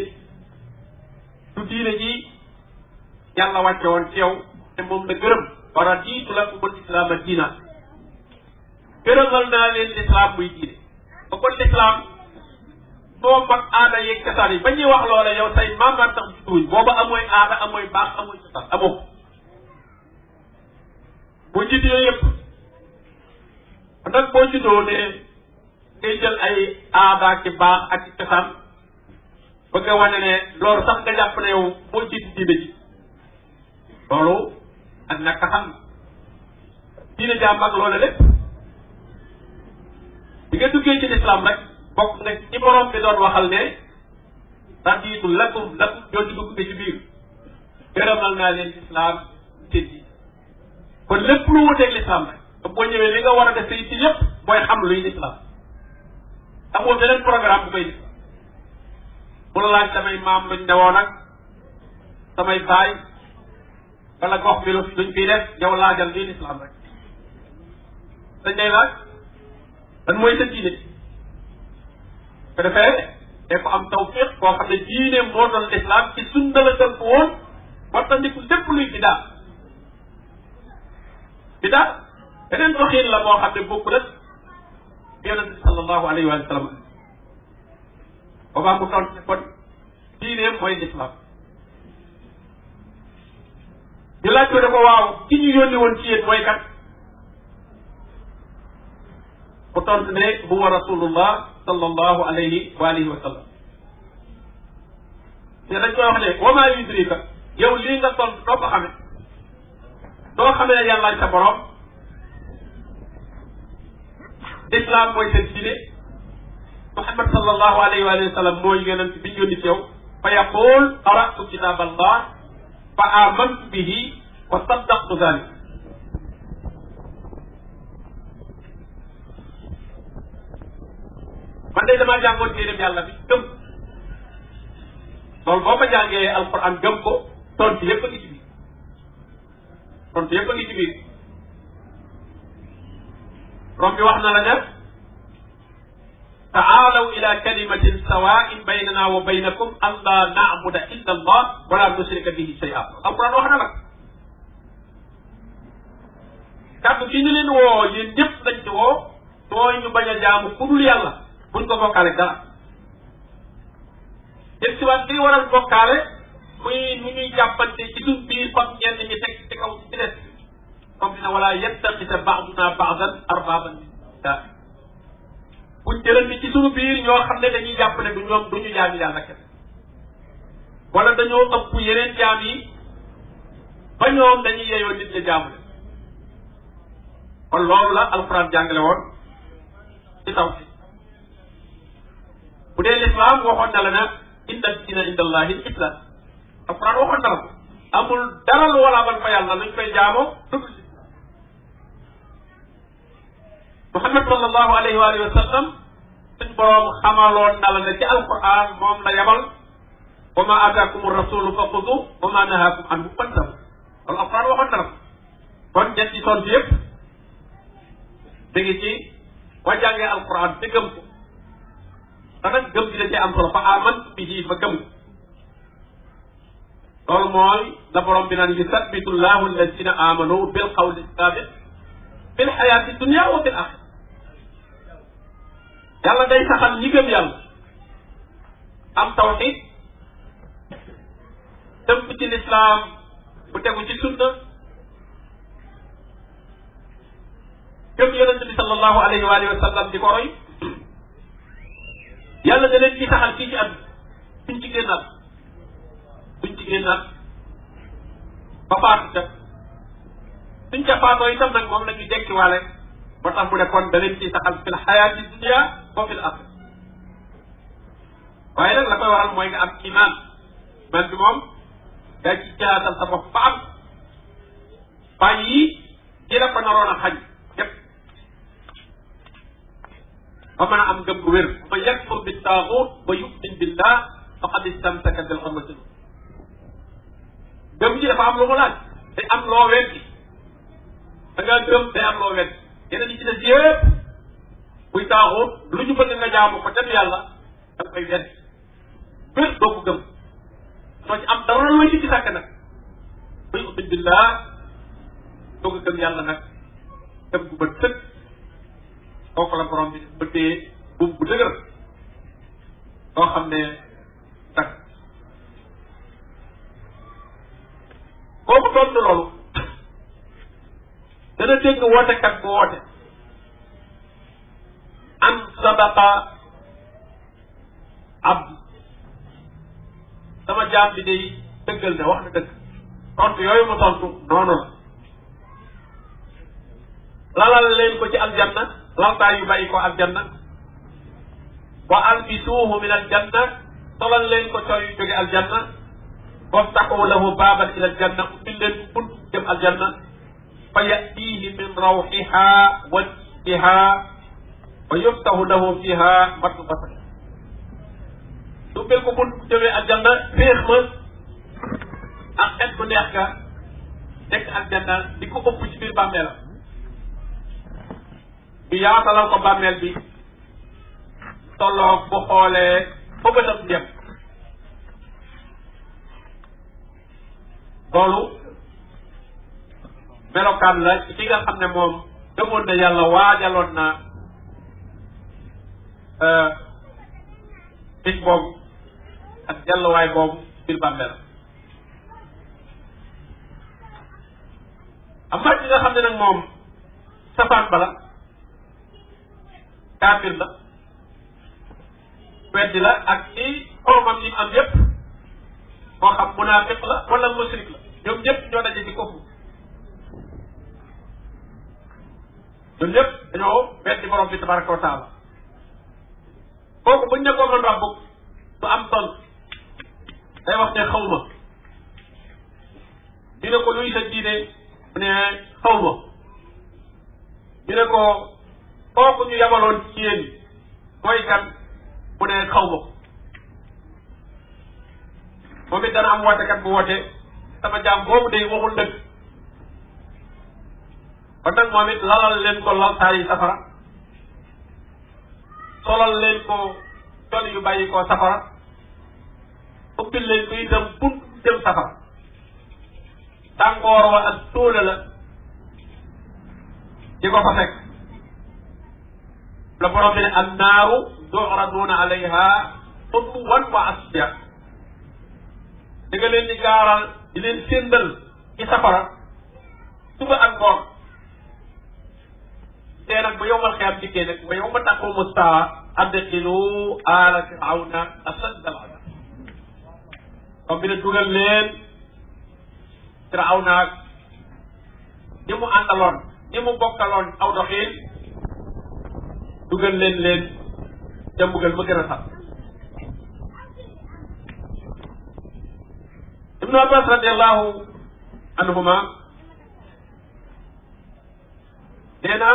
du diine ji yàlla wàcce woon ci yow te moom la gërëm war a diitu la ko mën islaam a diina gërëmal naa leen lislaam muy diine ba kon lislaam moo mag aada yeeg cosaan yi ba ñuy wax loola yow say maamaat tax judduwuñ booba amooy aada amooy baax amooy cosaan amoo boo jiite yooyu yëpp nag boo juddoo ne ngay jël ay aada ki baax ak bëgg a wane ne loolu sax nga jàpp ne yow moo jiitu diine ji loolu ak nag ka xam diine jaam ak loolu lépp bi nga duggee ci lislaam rek bokk nga ci borom bi doon waxal ne radiitu lakum lakum jooju dugg nga ci biir gërëmal naa leen lislaam diine ji kon lépp lu wuteeg lislaam rek da boo li nga war a def ci yëpp mooy xam luy lislaam amoo beneen programme bu koy def bu samay maam luñ dewoon ak samay baay wala gox bi luñ fiy def yow laajal lii lislaam rek dañ lay laaj lan mooy sa diine ko defee te ko am tawfiq koo xam ne diine moo doon lislaam ci sunna la dënk woon wattandiku lépp luy bidaa bidaa beneen doxiin la boo xam ne bokk rek yonente sallallahu alayhi wa sallam Obama mu tontu ne kon diineem mooy lislaam ñu laaj ko ne ko waaw ki ñu yónni woon ci yéen mooy kat huwa rasulullah sallallahu alayhi wa alihi wa sallam te dañ koy wax ne wa maa yudrika yow ko xame doo xamee ne yàllaay sa borom lislaam mooy seen diine Muhammad sallallahu alayhi wa sallam mooy yonent bi ñu yónni ci yow fa yaqul qara'tu kitab allah fa amantu bihi wa saddaqtu zalik man day damaa jàngoon téeréem yàlla bi gëm loolu boo ko jàngee alquran gëm ko tontu yëpp a ngi ci biir tontu yëpp a ngi ci biir rom bi wax na la ne taalaw ila kalimatin sawain baynana wa baynakum an la naabuda illa allah wala nusrika bihi shay'a alquran wax na nag kàddu gi ñu leen woo yéen ñëpp dañ ci woo mooy ñu bañ a jaamu ku dul yàlla buñ ko bokkaale dara def ci waat li waral bokkaale muy nu ñuy jàppante ci suñ biir fam ñenn ñi teg ci kaw ci des comme dina wala yettaqita baaduna baadan arbaban min buñ jëlante ci suñu biir ñoo xam ne dañuy jàpp ne du ñoom du ñu jaami yàlla kenn wala dañoo ëpp yeneen jaam yi ba ñoom dañuy yeyoo nit ña jaamu leen kon loolu la alxuraan jàngale woon ci taw bu dee lislaam waxoon na la ne inna diina inda allahi lislaam alxuraan waxoon na amul dara lu wala ban fa yàlla luñ koy jaamoo Muhammad sallallahu alayhi wa sallam suñ boroom xamaloon na la ne ci alquran moom la yabal wa ma ataakum rasulu fa xudu wa ma nahaakum anhu fantahu loolu alquran waxoon na la kon ñett yi tontu yëpp da ngi ci wa jàngee alquran te gëm ko te nag gëm gi da cee am solo fa aman bihi fa gëm ko loolu mooy la borom bi naan yusabbitu llahu alladina amanu bil qawli sabit fil xayaati dunia wa fil axira yàlla day saxal ñi gëm yàlla am tawxid dëpp ci lislaam bu tegu ci sunna gëm yonent bi sallallahu alayhi wa alihi wa sallam di ko roy yàlla da leen ci saxal fii ci at duñ ci génnaat duñ ci génnaat ba faatu ca suñ ca faatoo itam nag moom la ñu dekkiwaale ba tax mu ne kon da leen ciy saxal fil xayaati dunia wa fil axira waaye nag la koy waral mooy nga am iman man bi moom daa ci jaatal sa bopp ba am bàyyi di la ko naroon a xañ yépp ba mën a am gëm gu wér ba yakfur bi taaxuut ba yumin billah faqad istamsaka bil urwatil gëm ji dafa am lu mu laaj day am loo weddi da ngaa gëm day am loo weddi yeneen yi ci des yëpp buy taaxoo lu ñu bëgg nga jaamu ko dem yàlla danga koy wedd bér doo ko gëm soo ci am dara loo ci ci sàkk nag buy utuñ billaa doo ko gëm yàlla nag gëm gu bët sëkk kooku la borom bi bëttee buum bu dëgër loo xam ne takk kooku tontu loolu dana dégg wootekat bu woote am sabaqa abd sama jaam bi day dëggal na wax na dëgg tontu yooyu mu tontu noonu la lalal ko ci aljanna laltaay yu bàyyi ko aljanna wa albisuuhu min aljanna solal leen ko col yu jóge aljanna waftaxu lahu baaban ila aljanna ubbil leen bunt aljanna fa yatihi min rawxiha wa biha fa fiha matu basar dubbel ko bunt jëmee aljanna ak xet bu neex ga nekk aljanna di ko ëpp ci biir bàmmeelam ñu yaatalal ko bàmmeel bi tolloog bu melokaan la ci ki nga xam ne moom gëmoon na yàlla waajaloon na bis euh, boobu ak delluwaay boobu biir bàmmeel amma ki nga xam ne nag moom safaan bala kaafir la weddi la ak ci xoromam yi am yépp moo xam la wala musrik la ñoom ñëpp ñoo daje ci koofu loolu lépp dañoo weddi borom bi tabaraka wa taala kooku buñ nekkoon man rabbuk du am ton day wax ne xaw ma ñu ne ko luy sa diine mu ne xaw ma ñu ne ko kooku ñu yabaloon ci yéen mooy kan mu ne xaw ma moom it dana am wootekat bu woote sama jaam boobu day waxul dëgg kon moom it lalal leen ko laltaay yi safara solal leen ko col yu bàyyi koo safara ubbil leen ko itam bunt dem safara tàngoor wa ak la di ko fa fekk la borom bi ne an naaru du'raduuna wa asbiya da nga leen di gaaral di leen safara suba ak ngoon te nag ba yowmal xiyaam dikkee nag ba yowma taqumu saa adxilu aala firawna asad al azab comme bi ne dugal leen firawna ñi mu àndaloon ñi mu bokkaloon aw doxiin dugal leen leen ca mbugal ma gën a radiallahu anhuma nee na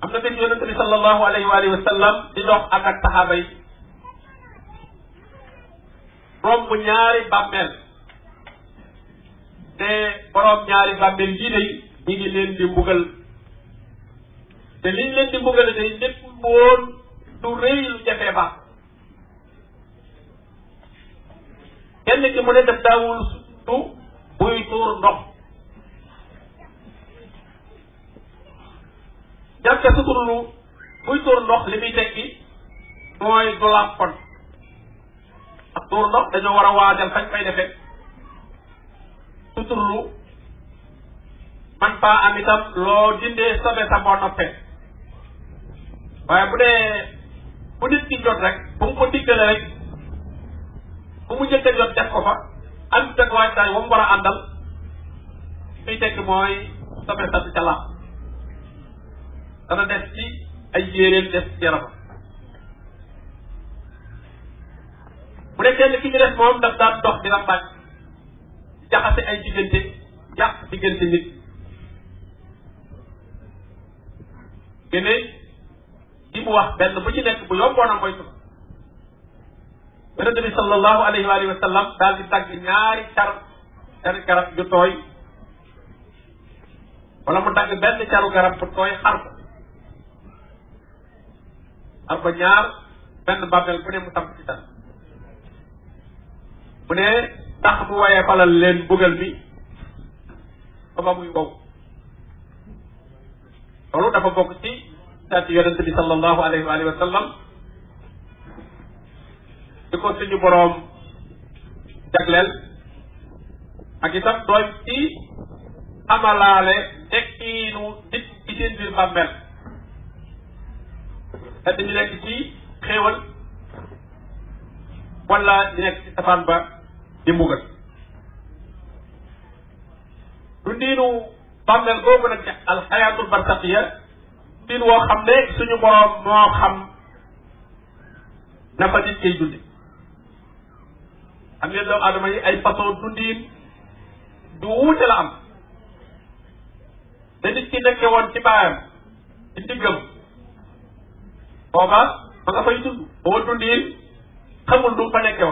am na benn yonente bi sallallahu alayhi wa alihi wa di dox ak ak saxaaba yi ñaari bàmmeel te borom ñaari bàmmeel yii day ñu ngi leen di mbugal te liñ leen di mbugal day lépp woon du rëy lu jafee baax kenn ki mu ne def daawul tu buy tuur ndox jàkka suturlu buy tuur ndox li muy tekki mooy du làppoon ak tuur ndox dañoo war a waajal fañ man faa am loo dindee sobe sa boo noppee bu dee bu nit ki jot rek bu mu ko diggale rek bu mu njëkk jot def ko am teg waajtaay wa mu war a àndal li tekki mooy sobe sa di dana def ci ay yéeréem def ci yaramam bu dee kenn ki ci def moom daf daan dox di rambaaj jaxase ay diggante yàq diggante nit gene yi mu wax benn bu ci nekk bu yomboon a moytu yonente bi sallallahu alayhi wa alihi wa sallam daal di tàgg ñaari car cari garab yu tooy wala mu tàgg benn caru garab bu tooy xar am ba ñaar benn bàmmeel bu ne mu samp ci tan mu ne tax mu waaye falal leen bëggal mi ba ba muy wow loolu dafa bokk ci sati yonente bi sallallahu alayhi wa alihi wa sallam di ko suñu boroom jagleel ak itam doon ci amalaale tekkiinu nit ci seen biir bàmmeel ndax dañu nekk ci xéewal wala ñu nekk ci safaan ba di mbugal dundiinu bàmmeel googu nag alxayaatul barsaxiya diin woo xam ne suñu boroom moo xam na fa nit koy dundi am ngeen doomu aadama yi ay façon dundiin du la am da ki nekke woon ci baayam ci ndiggam booba ba nga fay dund boo dundiin xamul du fa naka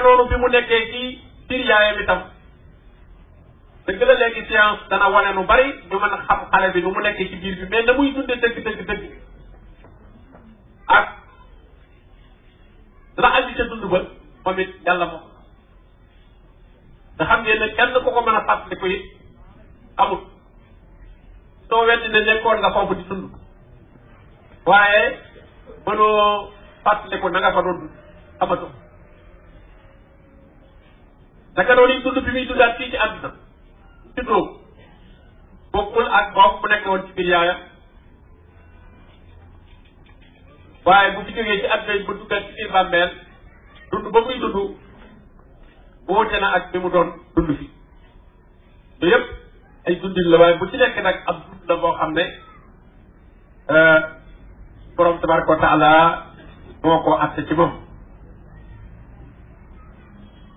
noonu bi mu nekkee ci biir yaayam itam dëgg la léegi science dana wane nu bari ñu mën a xam xale bi nu mu nekkee ci biir bi mais na muy dunde dëgg dëgg dëgg ak la andi ca dund ba moom it yàlla moom nga xam ngeen ne kenn ku ko mën a fàttali ko it amul soo weddi ne nekkoon nga foofu di dund waaye mënoo fàttaliku na nga fa doon amatu naka noonu yi dund bi muy dundaat fii ci àdduna juddoo bokkul ak moom bu nekk woon ci biir yaayam waaye bu fi jógee ci àdduna yi ba duggaat ci biir bàmmeel dund ba muy na ak la waaye bu ci la boo xam ne euh, borom tabaraka wa taala ko atte ci moom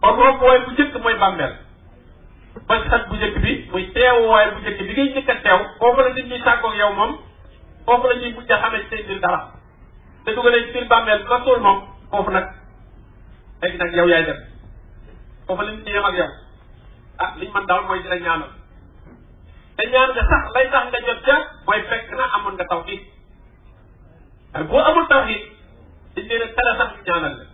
kon robb waay mooy bàmmeel mooy xaj bu njëkk bi muy teew waay bu njëkk bi ngay njëkk a teew foofu la nit ñi sàkkoog yow moom foofu la ñuy mujj a xamee dara te dugal ci biir bàmmeel la suul moom foofu nag léegi nag yow yaay dem foofu la nit ñi yem ak yow ah liñ mën daal mooy dina ñaanal te ñaan nga sax lay tax nga na amoon nga tawxiid waaye boo amul tawxiid dañ leen a tere sax ñu ñaanal la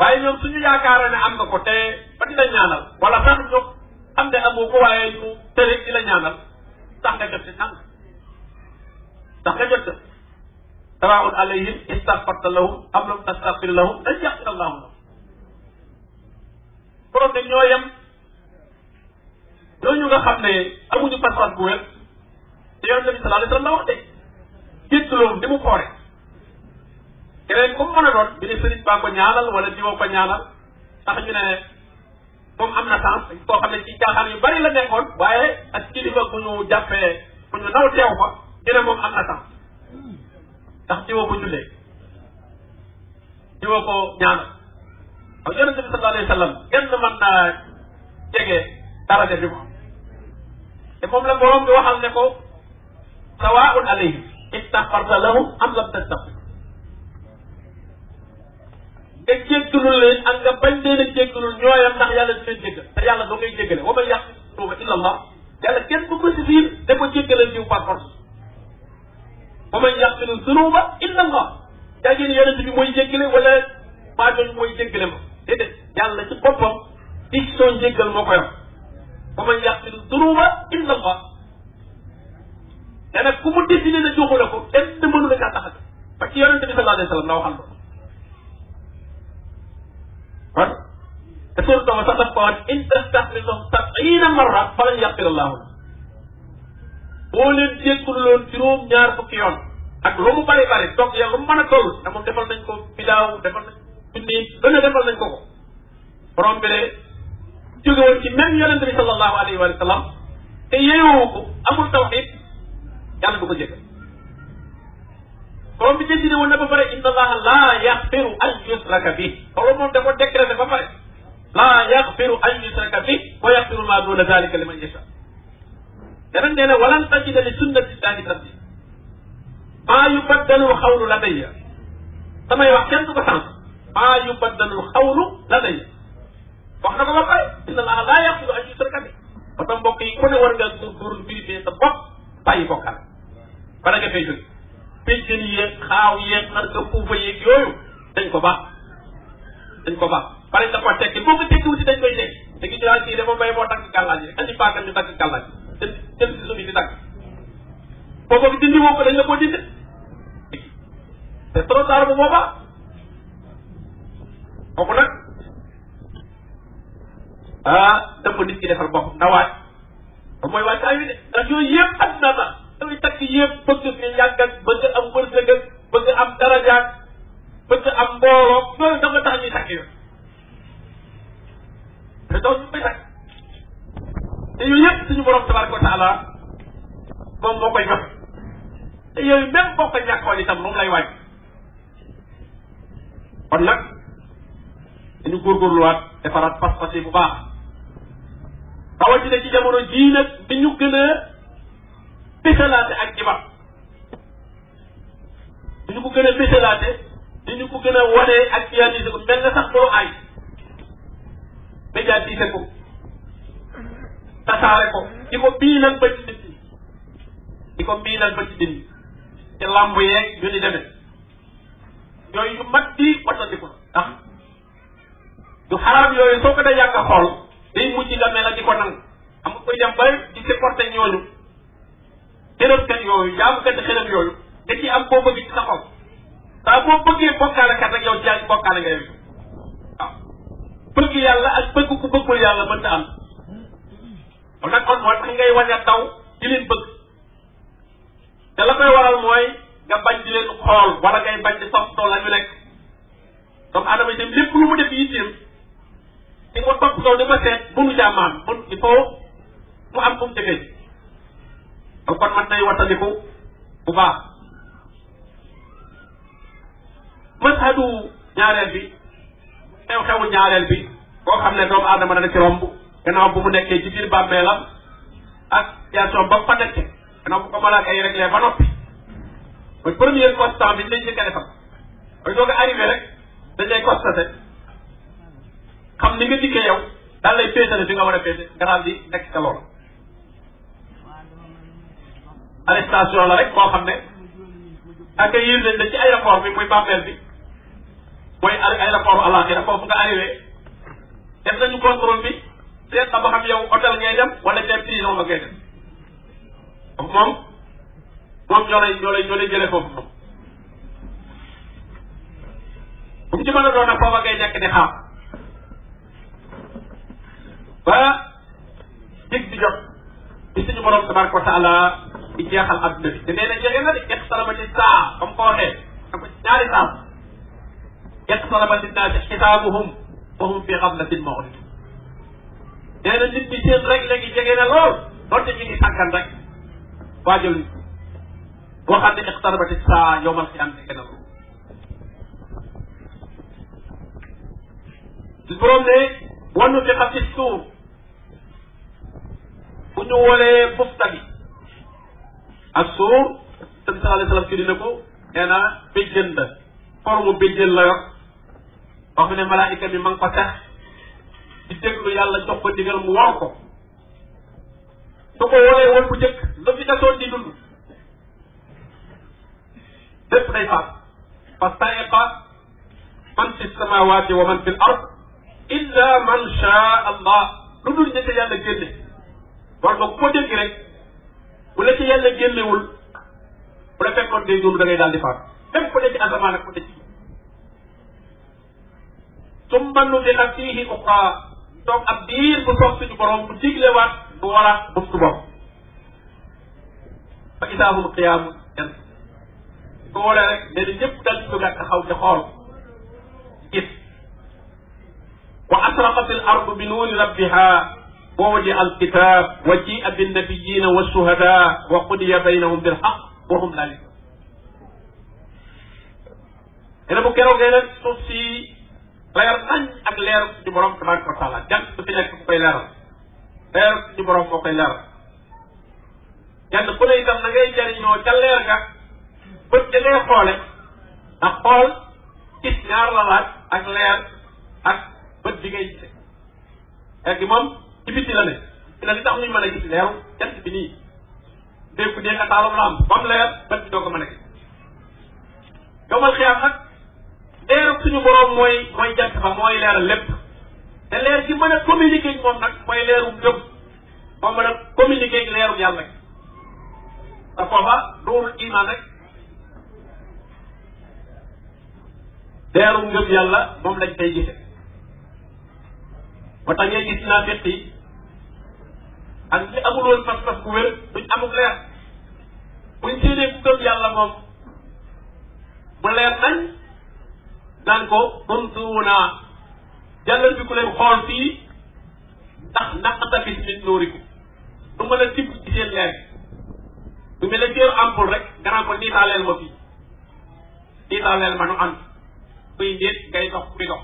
waaye ñoom suñu yaakaaree ne am nga ko te ba di la ñaanal wala sax ñu am ne amoo ko waaye ñu tere di la ñaanal tax nga jot ca ñaan tax nga jot ca sawaaun alayhim istaghfarta lahum am lam tastaghfir yem ñooñu nga xam ne amuñu pas-pas bu wér te yonent bi sallallahu alayhi wasallam la wax de gétt di mu foore keneen comme mën a doon bi ne sëriñ baa ko ñaanal wala diwoo ko ñaanal tax ñu ne moom am na sens koo xam ne ci caaxaan yu bari la nekkoon waaye ak kilifa bu ñu jàppee bu ñu naw teew fa gën a moom am na sens ndax diwoo ko jullee diwoo ko ñaanal ak yonent bi sallallahu alayhi wasallam kenn mën jege dara de bi te moom la borom bi waxal ne ko sawaa'un alayhim istaxfarta lahum am lam tastaxfir nga jéggalul leen ak nga bañ leen a jéggalul ñooyam ndax yàlla dina jéggal te yàlla doo ngay jéggale wa man yaxtuba illa allah yàlla kenn bu ko si biir da ko jéggalal jiw par force wa man yaxtiru zunuba illa allah daa ngeen yonente bi mooy jéggale wala maa jooju mooy jéggale ma déedéet yàlla ci boppam décision jéggal moo wa man yaxmilu dunuuba illa allah te nag ku mu décidé ne joxule ko kenn mënu la caa tax ba ci yonente bi sallallahu alayhi wa sallam daa waxal loolu kon te suur dama sax daf ko wax in tastaxmil lahum sabina marra fa lan yaxfir allahu la boo leen jéggul loon juróom ñaar fukki yoon ak lu mu bari bari mu a toll te moom defal nañ ko bidaaw defal nañ ko junni lu ne defal nañ ko ko borom bi de jóge woon ci même yonent bi sallallahu alayhi wa sallam te yeewoo ko amul tawxid yàlla du ko jëkk borom bi décidé woon na ba pare inna allaha laa yaxfiru an yusraka bi loolu moom da ko décrété ba pare laa yaxfiru an yusraka bi wa yaxfiru ma duna dalika liman yasha te nag nee na walan tajida li sunnati llahi tabdila maa yubaddalu xawlu ladayya samay wax kenn du ko sànq maa yubaddalu xawlu ladayya wax na ko ba pare inna laa laa yaxfiru an yusraka bi parce que mbokk yi ku ne war ngaa góorgóorlu vérifier sa bopp bàyyi bokkaale bala nga fay jóge péntin yeeg xaaw yeeg xar nga fuufa yeeg yooyu dañ ko baax dañ ko baax pare da ko tekki boo ko tekki wuti dañ koy nekk da ngi jëlaat kii dafa mbay moo takk kàllaaj rek andi paaka ñu takk kàllaaj jël jël si suuf yi di takk ko dañ ah dafa nit ki defal bopp ndawaat ba mooy waajtaay wi de ndax yooyu yëpp at na la dafay takk yëpp bëgg fi ñàkk ak bëgg am wërsëg ak bëgg am darajaat bëgg am mbooloo loolu dafa tax ñuy takk yooyu te doo ñu koy takk te yooyu yëpp suñu borom tabaraka wa taala moom moo koy jox te yooyu même boo ko la itam moom lay wàññi kon nag dañu góorgóorluwaat defaraat pas-pas yi bu baax rawatina ci jamono jii nag bi ñu gën a bisalaate ak jibar di ñu ko gën a bisalaate di ñu ko gën a wanee ak ciatise ko mel na sax boo ay médiatise ko tasaare ko di ko bii nag ba ci nit ñi di ko bii nag ba ci nit ñi ci làmb yeeg ñu ni demee yooyu yu mat di wattandiku ndax du xaraam yooyu soo ko dee yàgg day mujj nga mel di ko nangu am nga koy dem ba di supporter ñooñu xërëbkat yooyu jaamukat xërëb yooyu da ciy am boo bëgg ci sa xol saa boo bëggee bokkaalekat rek yow jaay bokkaale ngay wi waaw bëgg yàlla ak bëgg ku bëggul yàlla mën ta am kon nag kon moo tax ngay wañ a taw di leen bëgg te la koy waral mooy nga bañ di leen xool wala ngay bañ di sopp tool la ñu lekk doomu aadama itam lépp lu mu def yitteem di ko topp kaw di ko seet bu nu jàmmaan bu il faut mu am fu mu jëkkee ji kon man nay wattandiku bu baax masadu ñaareel bi xew-xewu ñaareel bi boo xam ne doomu aadama dana ci romb gannaaw bu mu nekkee ci biir bàmmeelam ak situation ba fa nekk gannaaw bu ko malaaka yi réglé ba noppi mooy premier constat bi lañ njëkk a defal mooy doog a arrivé rek dañ lay constaté xam li nga dikkee yow daal lay péetale fi nga war a péete nga daal di nekk ca loolu arrestation la rek koo xam ne accueillir nañ la ci aéroport bi muy bàmmeel bi mooy aéroport àlaxira foofu nga arrivé def nañu contrôle bi seet na ba xam yow hôtel ngay dem wala ca prison nga koy dem moom moom ñoo lay ñoo lay ñoo lay jëlee foofu moom bu mu ci mën a doon nag foofa ngay nekk di xaar ba dig di jot di suñu borom tabaraka wa taala di jeexal adduna bi te nee na jege na de iqtaraba li saa comme ko waxee ak ko ci ñaari saam iqtaraba linnaasi xisaabuhum wa hum fi xaflatin mu'ridun nee na nit ñi seen rek léegi jege na lool donte ñu ngi sàkkan rek waajal boo xam ne iqtarabati saa yowmal xiyaam jege na lool borom ne wanu fi xafis suuf bu ñu woolee bufta bi ak suur tëb sallallahu alayhi wasallam firi na ko nee na béjjën la forme béjjën la yor wax ne malaayika bi ma ngi ko tax di déglu yàlla jox ko digal mu war ko su ko woolee woon bu njëkk lu fi desoon di dund lépp day faat fa sa'iqa man fi samawati wa man fi l ard illa man shaa allah lu dul ñette yàlla génne war nga ko dégg rek bu la ci yàlla génnewul bu la fekkoon ngay dund da ngay daal di faatu même ku ne ci asamaan ak ku ne ci summa nufixa fiihi uxraa toog ab diir bu toog suñu borom bu diglewaat bu waraat bu su bopp fa idaa hum qiyaamun yan boole rek ne ni ñëpp dal di jógaat taxaw di xool gis wa asraqat al ardu bi nuuri rabbiha ووضع الكتاب وجيء بالنبيين والشهداء وقضي بينهم بالحق وهم لا يظلمون dina bu keroogee nag suuf si leer ak leer ci borom tabaraka wa taala jant su fi nekk ku koy leeral leer ci borom moo koy leeral kenn ku ne itam na ngay jariñoo ca leer ga bët ja ngay xoole ndax xool gis ñaar la laaj ak leer ak bët bi ngay gisee léegi moom ci bitti la ne ci la li tax ñuy mën a gis leeru jant bi nii dégg ku dee ataalam la am leer bët bi doo a gis yomal xiyaam nag leeru suñu borom mooy mooy jant ba mooy leeral lépp te leer gi mën a communiquer moom nag mooy leeru gëm moo mën a communiquer ak leeru yàlla gi te foofa duurul iman rek leeru ngëm yàlla moom lañ koy gisee ba tax ngay gis naa fekk yi ak ñi amul woon pas-pas ku wér duñ amul leer buñ séenee ku gëm yàlla moom bu leer nañ daan ko moom suuna jàllal bi ku leen xool fii ndax a bis min nuurikum du mën a tibb ci seen leer du mel ne teeru ampoule rek nga ko niitaaleel ma fii niitaaleel ma nu ànd muy ndéet ngay dox bi dox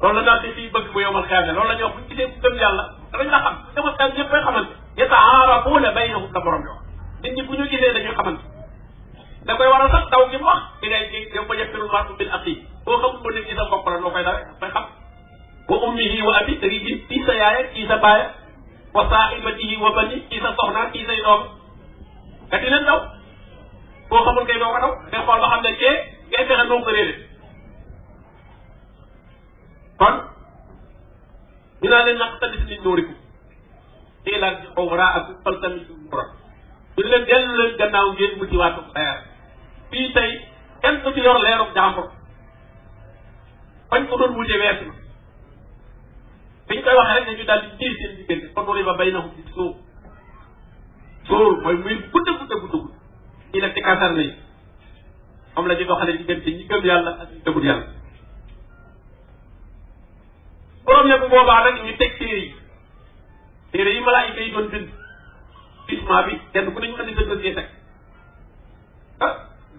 loolu la daal di fii bëgg bu yomal xeex loolu la ñuy wax ñu gisee ku gëm yàlla dafañ la xam yowmal qiyaam ñëpp koy xamante yataarafuuna baynahum la borom yoo nit ñi bu ñu gisee dañuy xamante da koy waral sax daw gi mu wax di ngay di ko jëfandikoo maa ko bind ak kii boo xamul ko nit ñi sa bopp la noo koy dawee koy xam wa ummihi wa abi da ngay gis kii sa yaaya kii sa baaya wa saahibatihi wa bani kii sa soxna kii say doom nga di leen daw boo xamul kay doo ko daw ngay xool ba xam ne kee ngay fexe noo ko réere kon dinaa leen naq tamit nit nooriku tey laaj bi xaw ma ak fan tamit suñu borom. duñ leen dellu leen gannaaw ngeen mu ci waatu leer fii tey kenn du ci yor leerub jàmbur bañ ko doon wute weesu na biñ koy waxee rek dañu daal di téye seen diggante kon loolu ba bay na ko ci sóor sóor mooy muy gudd a gudd a gudd a gudd. la ci kasar nañ moom la ñuy doxalee diggante ñi gëm yàlla ak ñi gëmul yàlla. borom ne bu boobaa rek ñu teg téere yi téere yi malaayika yi doon bind pisement bi kenn ku ne ñu andi sa dossier teg ah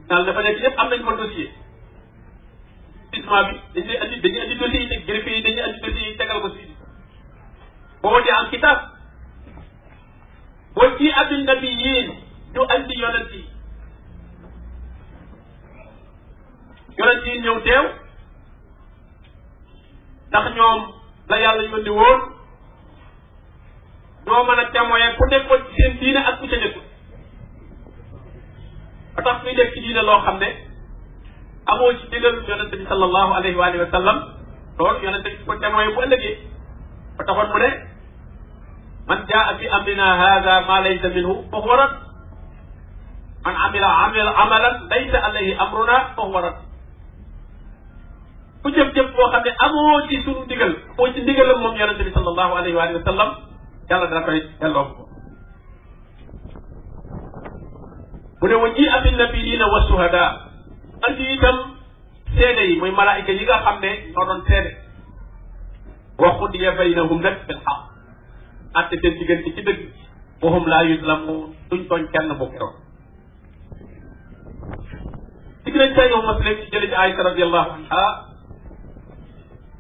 daal dafa nekk yëpp am nañ fa dossier pisement bi dañ lay andi dañuy andi dossier yi teg greffier yi dañuy andi dossier yi tegal ko si boo dee am kitaab boo ci abin nabi yéen ñu andi yonent yi yonent yi ñëw teew ndax ñoom la yàlla yónni woon ñoo mën a témoin ku nekkoon ci seen diine ak ku ca nekk ba tax ñuy def ci diine loo xam ne amoo ci digal yonente bi sallallahu alayhi wa alihi wa sallam loolu yonente bi ko témoin bu ëllëgee ba taxoon mu ne man jaa fi amrina hada ma laysa minhu fa huwa rad man amila amil amalan laysa alayhi amruna fa huwa rad ku jëf-jëf boo xam ne amoo ci suñu ndigal amoo ci bi sallallahu alayhi wa sallam yàlla dana koy delloo mu ne wa ji abi nabiyina wa suhada andi itam seede yi yi nga xam ne ñoo doon seede wa qudiya baynahum nag bil xaq atte seen diggante ci dëgg waxum laa yuslamu duñ tooñ kenn bu keroog digg nañ ca ci jële ci Aïsa radiallahu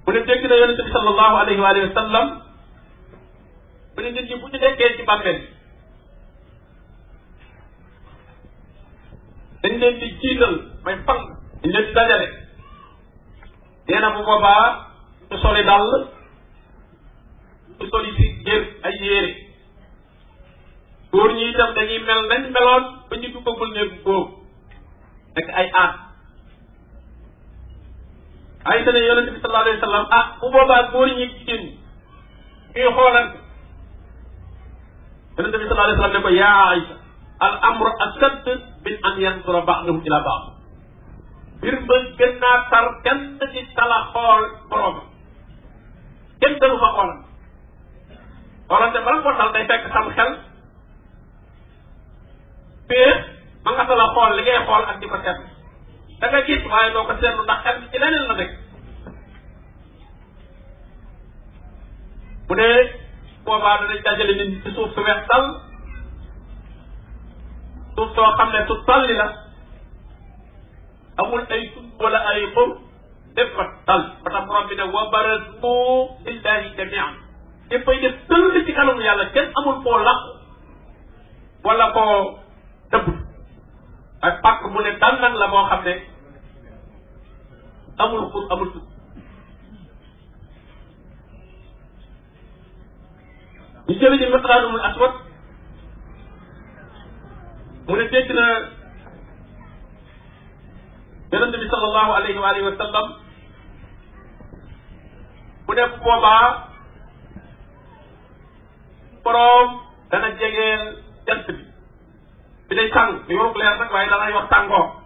mu ne dégg na yonente bi sallallahu alayhi wa alihi ne nit bu ñu nekkee ci bàmmeel dañ leen di jiital may fang dañ leen na bu boobaa ñu soli dàll ñu soli si gér ay yéere góor ñi itam dañuy mel nañ meloon ba ñu duggagul néegu góor nekk ay aat Aysa ne yonente bi sallallahu alayhi wa sallam ah bu boobaa góor ñi jigéen ñuy xoolante yonente bi sallallahu alayhi wa sallam ne ko yaa Aysa al amru asad min an yansura ba'dahum ila ba'd mbir ma gën naa tar kenn ci tala xool borom kenn dalu ma xoolante xoolante bala ko dal day fekk sam xel te ma tala xool li ngay xool ak di ko seet da nga gis waaye doo ko seetlu ndax xel ci leneen la nekk bu dee boobaa danañ dajale nit ñi ci suuf su weex tàll soo xam ne su tàlli la amul ay suuf wala ay xur def fa tàll ba tax borom bi ne wa barazu lillahi jamian ñëppay yàlla kenn amul poo làqu wala koo dëbb ak pàkk bu ne tànnan la boo xam ne amul xut amul sut ñu jële ji miqraanul aswad mu ne dégg na yonente bi sallallahu alayhi wa alihi wa sallam bu def boobaa boroom dana jegeel jant bi bi day tàng bi yoruk leer nag waaye dana yor tàngoo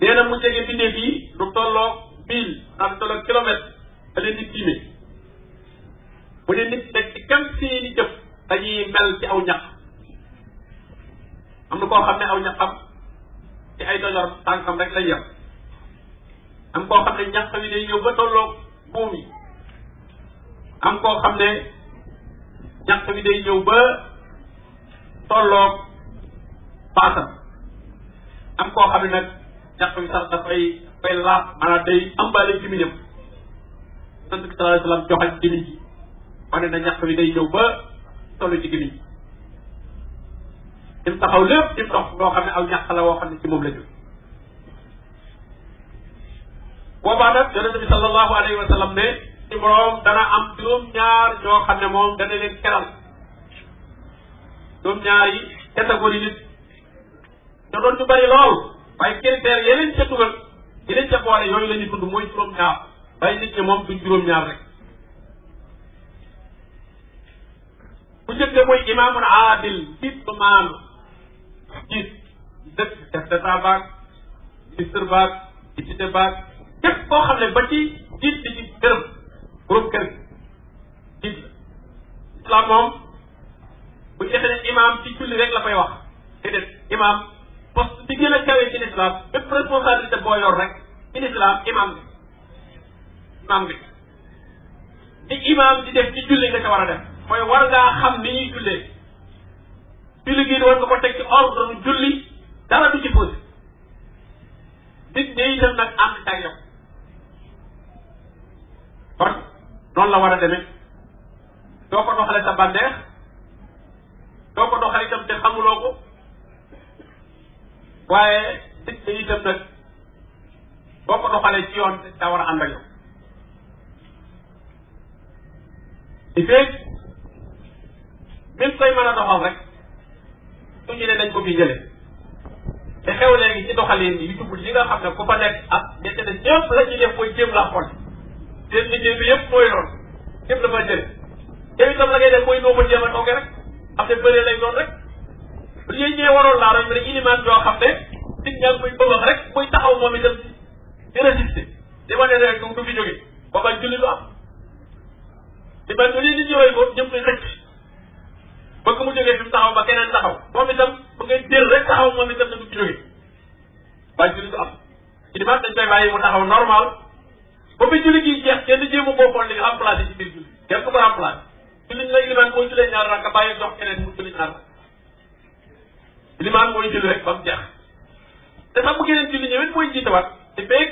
nee na mu jege bindéef yi lu tolloog mille am tolloog kilomètre da leen di tiime mu ne nit teg ci kan seeni jëf dañuy mel ci aw ñax am na koo xam ne aw ñaxam ci ay dojor tànkam rek lay yem am koo xam ne ñax wi day ñëw ba tolloog buum yi am koo xam ne ñax wi day ñëw ba tolloog paasam am koo xam ne nag ñax mi sax dafay dafay laaf maanaam day ambale ci mi ñëpp sant bi sallallahu alayhi wa sallam joxal gémmiñ gi wane na ñax mi day ñëw ba toll ci gémmiñ gi lim taxaw lépp ci ndox loo xam ne aw ñax la woo xam ne ci moom la jóg boobaa nag yonent bi sallallahu alayhi wa sallam ne ci borom dana am juróom-ñaar ñoo xam ne moom dana leen keral juróom-ñaar yi catégorie nit da doon ñu bari lool waaye critère yeneen ca dugal yeneen ca boole yooyu la ñuy tudd mooy juróom-ñaar waaye nit ñi moom duñ juróom-ñaar rek bu njëkk mooy imaamun aadil gis lu maanu gis dëkk chef d'état baag ministre baag député baag képp koo xam ne ba ci gis di ci gërëm groupe kër gis islam moom bu ñu defee ne imaam ci julli rek la koy wax déedéet imaam poste bi gën a kawe ci lislaam bépp responsabilité boo yor rek ci lislaam imaam bi imaam bi di imaam di def ci julli nga war a def mooy war ngaa xam ni ñuy jullee julli war nga ko teg ci ordre nu julli du ci posé nit ñi itam nag ànd tag yow kon noonu la war a demee doo ko doxale sa bànneex doo ko doxale itam te xamuloo ko waaye nit ñi itam nag boo ko doxalee ci yoon daa war a am ak yow. li feeg nit koy mën a doxal rek su ñu ne dañ ko fi jëlee te xew léegi ci doxaleen yi jubul yi nga xam ne ku fa nekk ak ñette ne ñëpp la ñuy def mooy jëm la xool seen liggéey bi yëpp mooy lool yëpp la fa jëlee yow itam la ngay def mooy noo ko jéem a toogee rek am bëree lay doon rek. yooyu ñooy waroon laa rek rek ilimaan yoo xam ne nit ñaa ngi koy bëgg rek muy taxaw moom itam di résister di wane rek du fi jóge ba bañ julli lu am di bañ ba lii nit ñëwee ko ñëpp di rëcc bëgg mu jógee fi mu taxaw ba keneen taxaw moom itam bu ngay jël rek taxaw moom itam ne du fi jóge bañ julli lu am ilimaan dañ koy bàyyi mu taxaw normal ba fi julli gi jeex kenn jéemu koo xool li remplacé ci biir julli kenn du ko remplacé julli ñu la ilimaan boo jullee ñaar rakka bàyyi dox keneen mu julli ñaar rakka limaam mooy jël rek ba mu jeex te sax bu keneen julli ñëwet mooy jiitawaat te beeg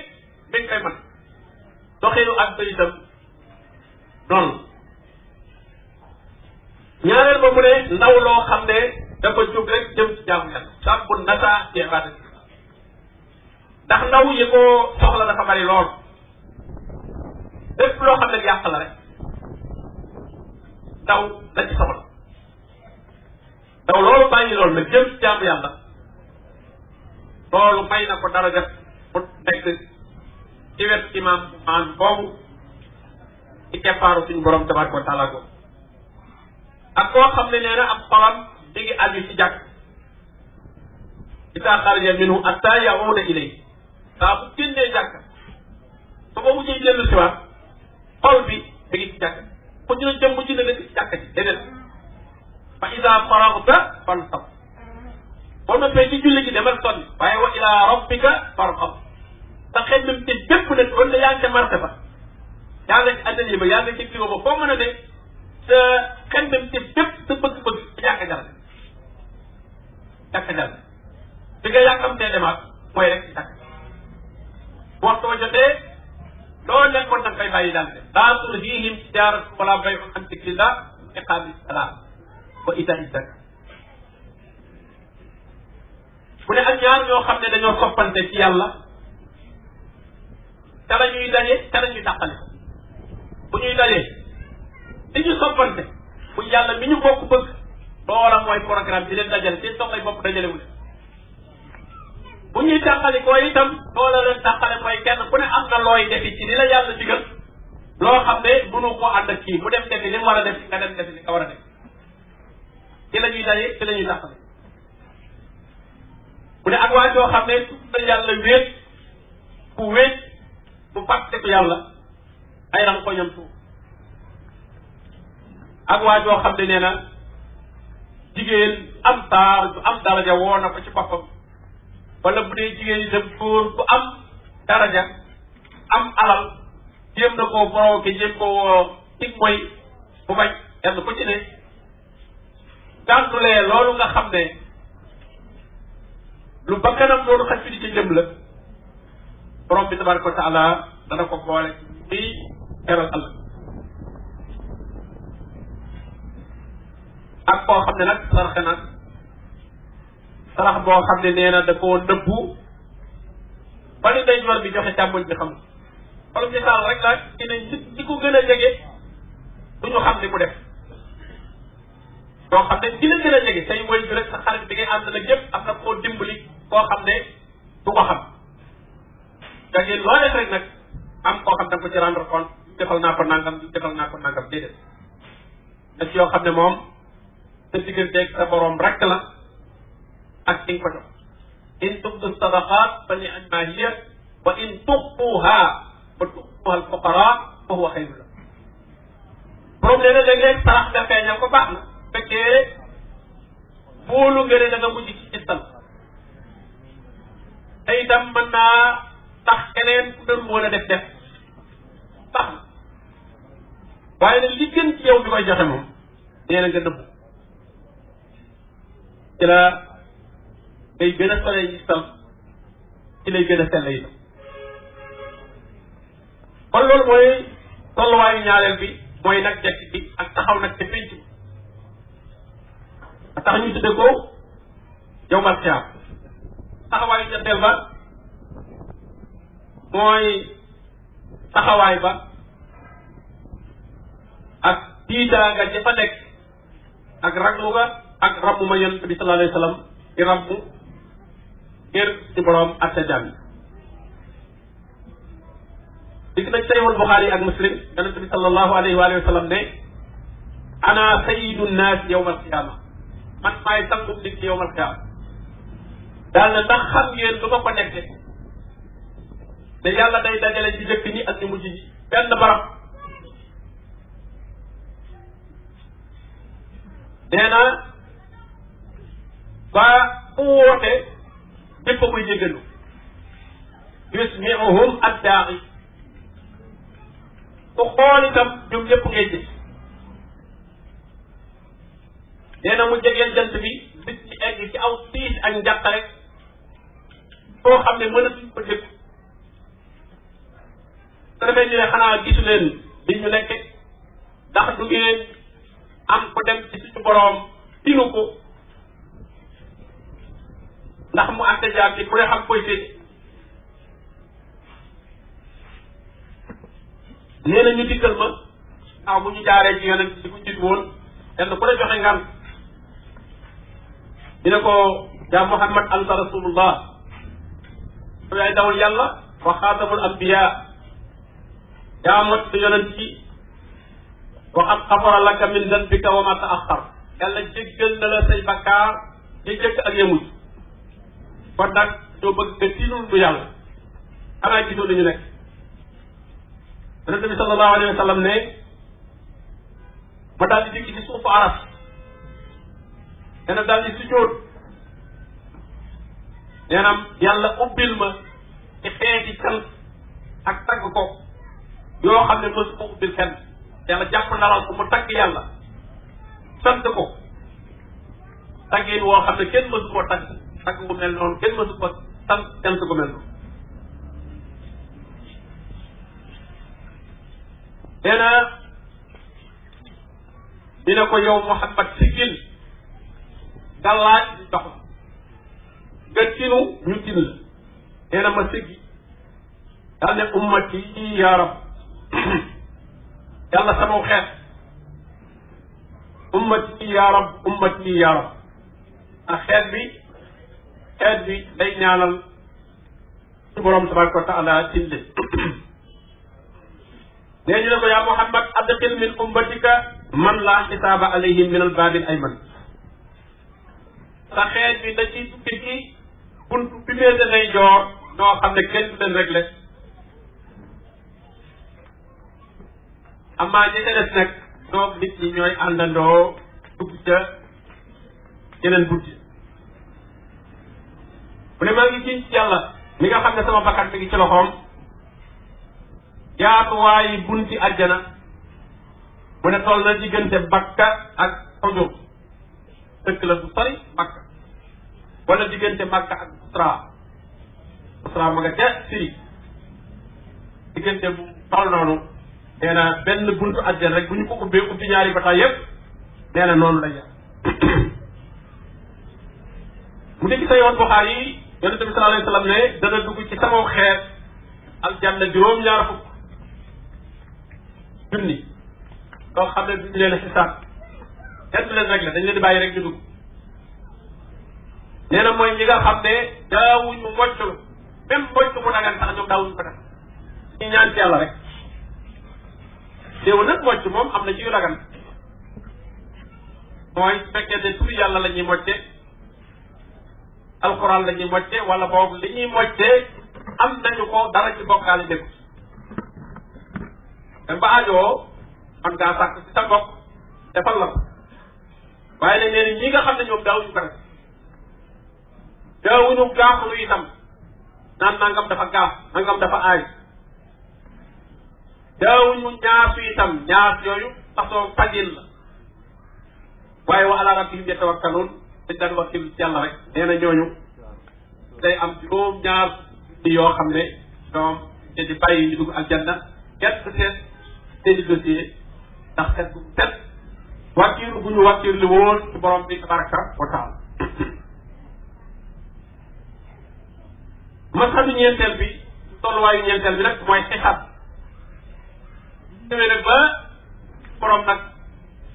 beeg kay man doxeenu ak bay itam noonu ñaareel ba mu ne ndaw loo xam ne dafa jóg rek jëm ci jaamu yàlla sàmm bu nasaa jeexaate ndax ndaw yi ko soxla dafa bari loo xam ne yàq la rek ndaw la ci soxla daw loolu bàyyi loolu nag jëm ci jaamu yàlla loolu may na ko daraja bu nekk ci wet imaam maan boobu ci keppaaru suñu borom tabaraka wa taala ko ak koo xam ne nee na am xolam mi ngi aju ci jàkk isaa xaraja minhu atta yahuda ilay saa bu génnee jàkk ba ba mujjee dellu si waat xol bi mi ngi ci jàkk mu jëna jëm mu jëna nekk ci jàkk ji déedéet fa ida faragta fansab boo noppee ci julli ji demal sonn waaye wa ila rabbika farxab sa xel nam te bépp nag won na yaa ngi ca marché ba yaa nga ci atelier ba yaa nga ci bureau ba foo mën a ne sa xel nam te bépp sa bëgg-bëgg jàkka jar jàkka jar bi nga yàkkamtee demaat mooy rek jàkk waxtu wa jotee loo nekkoon da nga koy bàyyi daal de laa tulhiihim tijaaratu wala bay'un an zikrillah iqaami salaat ba Italie takk mu ne ak ñaar ñoo xam ne dañoo soppante ci yàlla te la ñuy daje te la ñuy tàqale bu ñuy dajee di ñu soppante bu yàlla mi ñu bokk bëgg loola mooy programme di leen dajale seen soxlay bopp dajale wu bu ñuy tàqali ko itam loola leen tàqale mooy kenn ku ne am na looy defi ci li la yàlla digal loo xam ne mënu ko ànd ak kii mu dem defi li mu war a def nga dem defi li nga war a def ci la ñuy daje ci la ñuy taxale mu ne ak waa joo xam ne tudd yàlla wéet ku wéet bu fàtteku yàlla ay ram ko ñam tuur ak waa joo xam ne nee na jigéen am taar bu am daraja woo na ko ci boppam wala bu dee jigéen yi dem góor bu am daraja am alal jéem na koo borow ke jéem ko woo tig mooy bu bañ kenn ku ci ne tànnulee loolu nga xam ne lu bakkanam loolu xaj fi di ci jëm la borom bi tabaraka wa dana ko boole ci ñi teral ak koo xam ne nag saraxe nag sarax boo xam ne nee na da koo nëbbu day war bi joxe càmmoñ bi xam xool misaal rek la ci ne ñi ko gën a jege du ñu xam li mu def soo xam ne ci la gën a jege say wëy rek sa xarit bi ngay ànd nag yëpp am na koo dimbali koo xam ne du ko xam da ngeen loo def rek nag am koo xam da nga ko ci rendre compte defal naa ko nangam defal naa ko nangam déedéet da ci yoo xam ne moom sa digganteeg sa boroom rek la ak ki nga ko jox in tubdu sadaqat fa li anma hiya wa in tuxuha wa tuxuha al fuqara fa huwa xayru la problème léeg-léeg sarax nga feeñal ko baax na fekkee boolu nga ne da nga mujj ci islam te itam tax keneen ku doon mën a def def tax waaye nag li gën ci yow bi koy joxe moom nee na nga dëbb ci la ngay gën a sore islam ci lay gën a sell itam kon loolu mooy tolluwaayu ñaareel bi mooy nag jekk bi ak taxaw nag te penc tax ñu tudde ko yowmal xiyaam taxawaayu ñetteel ba mooy taxawaay ba ak tiitaanga ja ak raglu ak rabb ma yonent bi sallallahu alayhi wa sallam di rabb ngir ak sa jàmm dikk na ak Muslim yonent bi sallallahu alayhi wa sallam ne ana sayyidu nnaas yawma alqiyama man maay sangub nit ci yowmal xiyaam na ndax xam ma ko nekke te yàlla day dajale ci jëkk ñi ak ñu mujj ñi benn barab nee na ba ku woote ñëpp a koy jéggalu yusmiuhum addaari ku xool itam ñoom ñëpp nee na mu jegeel jant bi bit ci egg ci aw tiis ak njàqare boo xam ne mënatuñ ko dëkk su defee ñu ne xanaa gisu leen li ñu nekke ndax du am ko dem ci suñu boroom dinu ko ndax mu àtte jaar ci ku ne xam koy féete nee na ñu ma aw bu ñu jaaree ci yonent si ku jiit woon kenn ku ne ngan ñu ko yaa Muhammad anta rasulullah yaay dawal yàlla wa xaatamul ambiya yaa mat sa yonent yi wa qad laka min zanbika wa ma taaxar yàlla jéggal na la say ya mujj kon nag doo bëgg nga tiinul du yàlla xanaa gisoo li ñu nekk yonent bi sallallahu alayhi wa sallam ne ma daal di jékki ci dana daal di sujjóot neenam yàlla ubbil ma ci xeeti cant ak tagg ko yoo xam ne mësu ko ubbil fenn yàlla jàpp naral ko mu tagg yàlla sant ko taggiin woo xam ne kenn mësu koo tagg tagg gu mel noonu kenn mësu ko sant sant gu mel noonu nee na dina ko yow Muhammad siggil dallaay di dox nga tinu ñu tin la nee na ma sëggi daal ne ummati yaa rab yàlla sama xeet ummati yaa rab ummati yaa rab ndax xeet bi xeet bi day ñaanal ci borom tabaraka wa taala tin leen nee ñu ne ko yaa Muhammad adxil min ummatika man laa xisaaba alayhim min al baabil ayman te bi da ci tukki ci bunt bi féete nay joor noo xam ne kenn du leen réglé amaa ñi ca des nag ñoom nit ñi ñooy àndandoo dugg ca yeneen bunt mu ne maa ngi ci yàlla mi nga xam ne sama bakkan mi ngi ci loxoom yaatuwaayi bunti àjjana mu ne toll na diggante bakka ak ojo dëkk la bu sori bakka wala diggante Makka ak Basra Basra ma nga ca Syrie diggante bu toll noonu nee benn buntu àjjana rek bu ñu ko ubbee ubbi ñaari bataay yëpp nee noonu la yàq mu nekk sa yoon Buxaari yi yonente bi sallallahu alayhi wa sallam ne dana dugg ci sama xeet aljanna juróom-ñaar fukk junni soo xam ne duñu leen xisaab kenn du leen rek la dañ leen di bàyyi rek di nee na mooy ñi nga xam ne daawuñu mocc même mocc mu dagan sax ñoom daawuñu ko def ñu ñaan ci yàlla rek léew nag mocc moom am na ci yu dagan mooy su fekkee ne tur yàlla la ñuy mocce alxuraan la ñuy mocce wala boobu li ñuy mocce am nañu ko dara ci bokkaale dégg dem ba ajoo man ngaa sàkk ci sa mbokk defal la ko waaye nag nee na ñi nga xam ne ñoom daawuñu ko def daawuñu gaax lu itam naan nangam dafa gaax nangam dafa aay daawuñu ñaasu itam ñaas yooyu façon fajin la waaye wa ala rabbihim yatawakkaluun dañ daan wakkil yàlla rek nee na ñooñu day am juróom ñaar yoo xam ne ñoom te di bàyyi ñu dugg aljanna kenn du seen seeni dossier ndax kenn woon ci borom bi tabaraka wa taala masalu ñeenteel bi tolluwaayu ñeenteel bi nag mooy xisaab ñëwee nag ba borom nag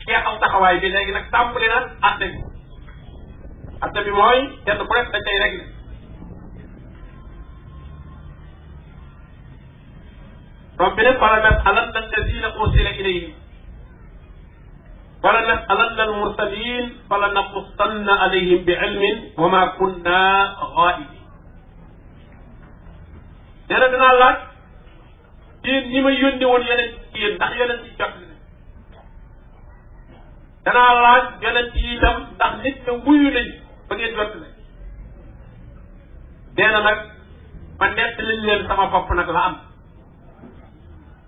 jeexal taxawaay bi léegi nag tàmbali na atte bi atte bi mooy kenn ku nekk da cay réglé borom bi nag wala nas'alanna alladina ursila ilayhim wala nas'alanna almursalin wala naqussanna alayhim bi ilmin wa ma kunna ghaibin nee na dinaa laaj yéen ñi ma yónni woon yonent ci yéen ndax yonent ci jot na danaa laaj yonent yi itam ndax nit ña wuyu nañ ba ngeen jot na nee na nag ma nett lañ leen sama bopp nag la am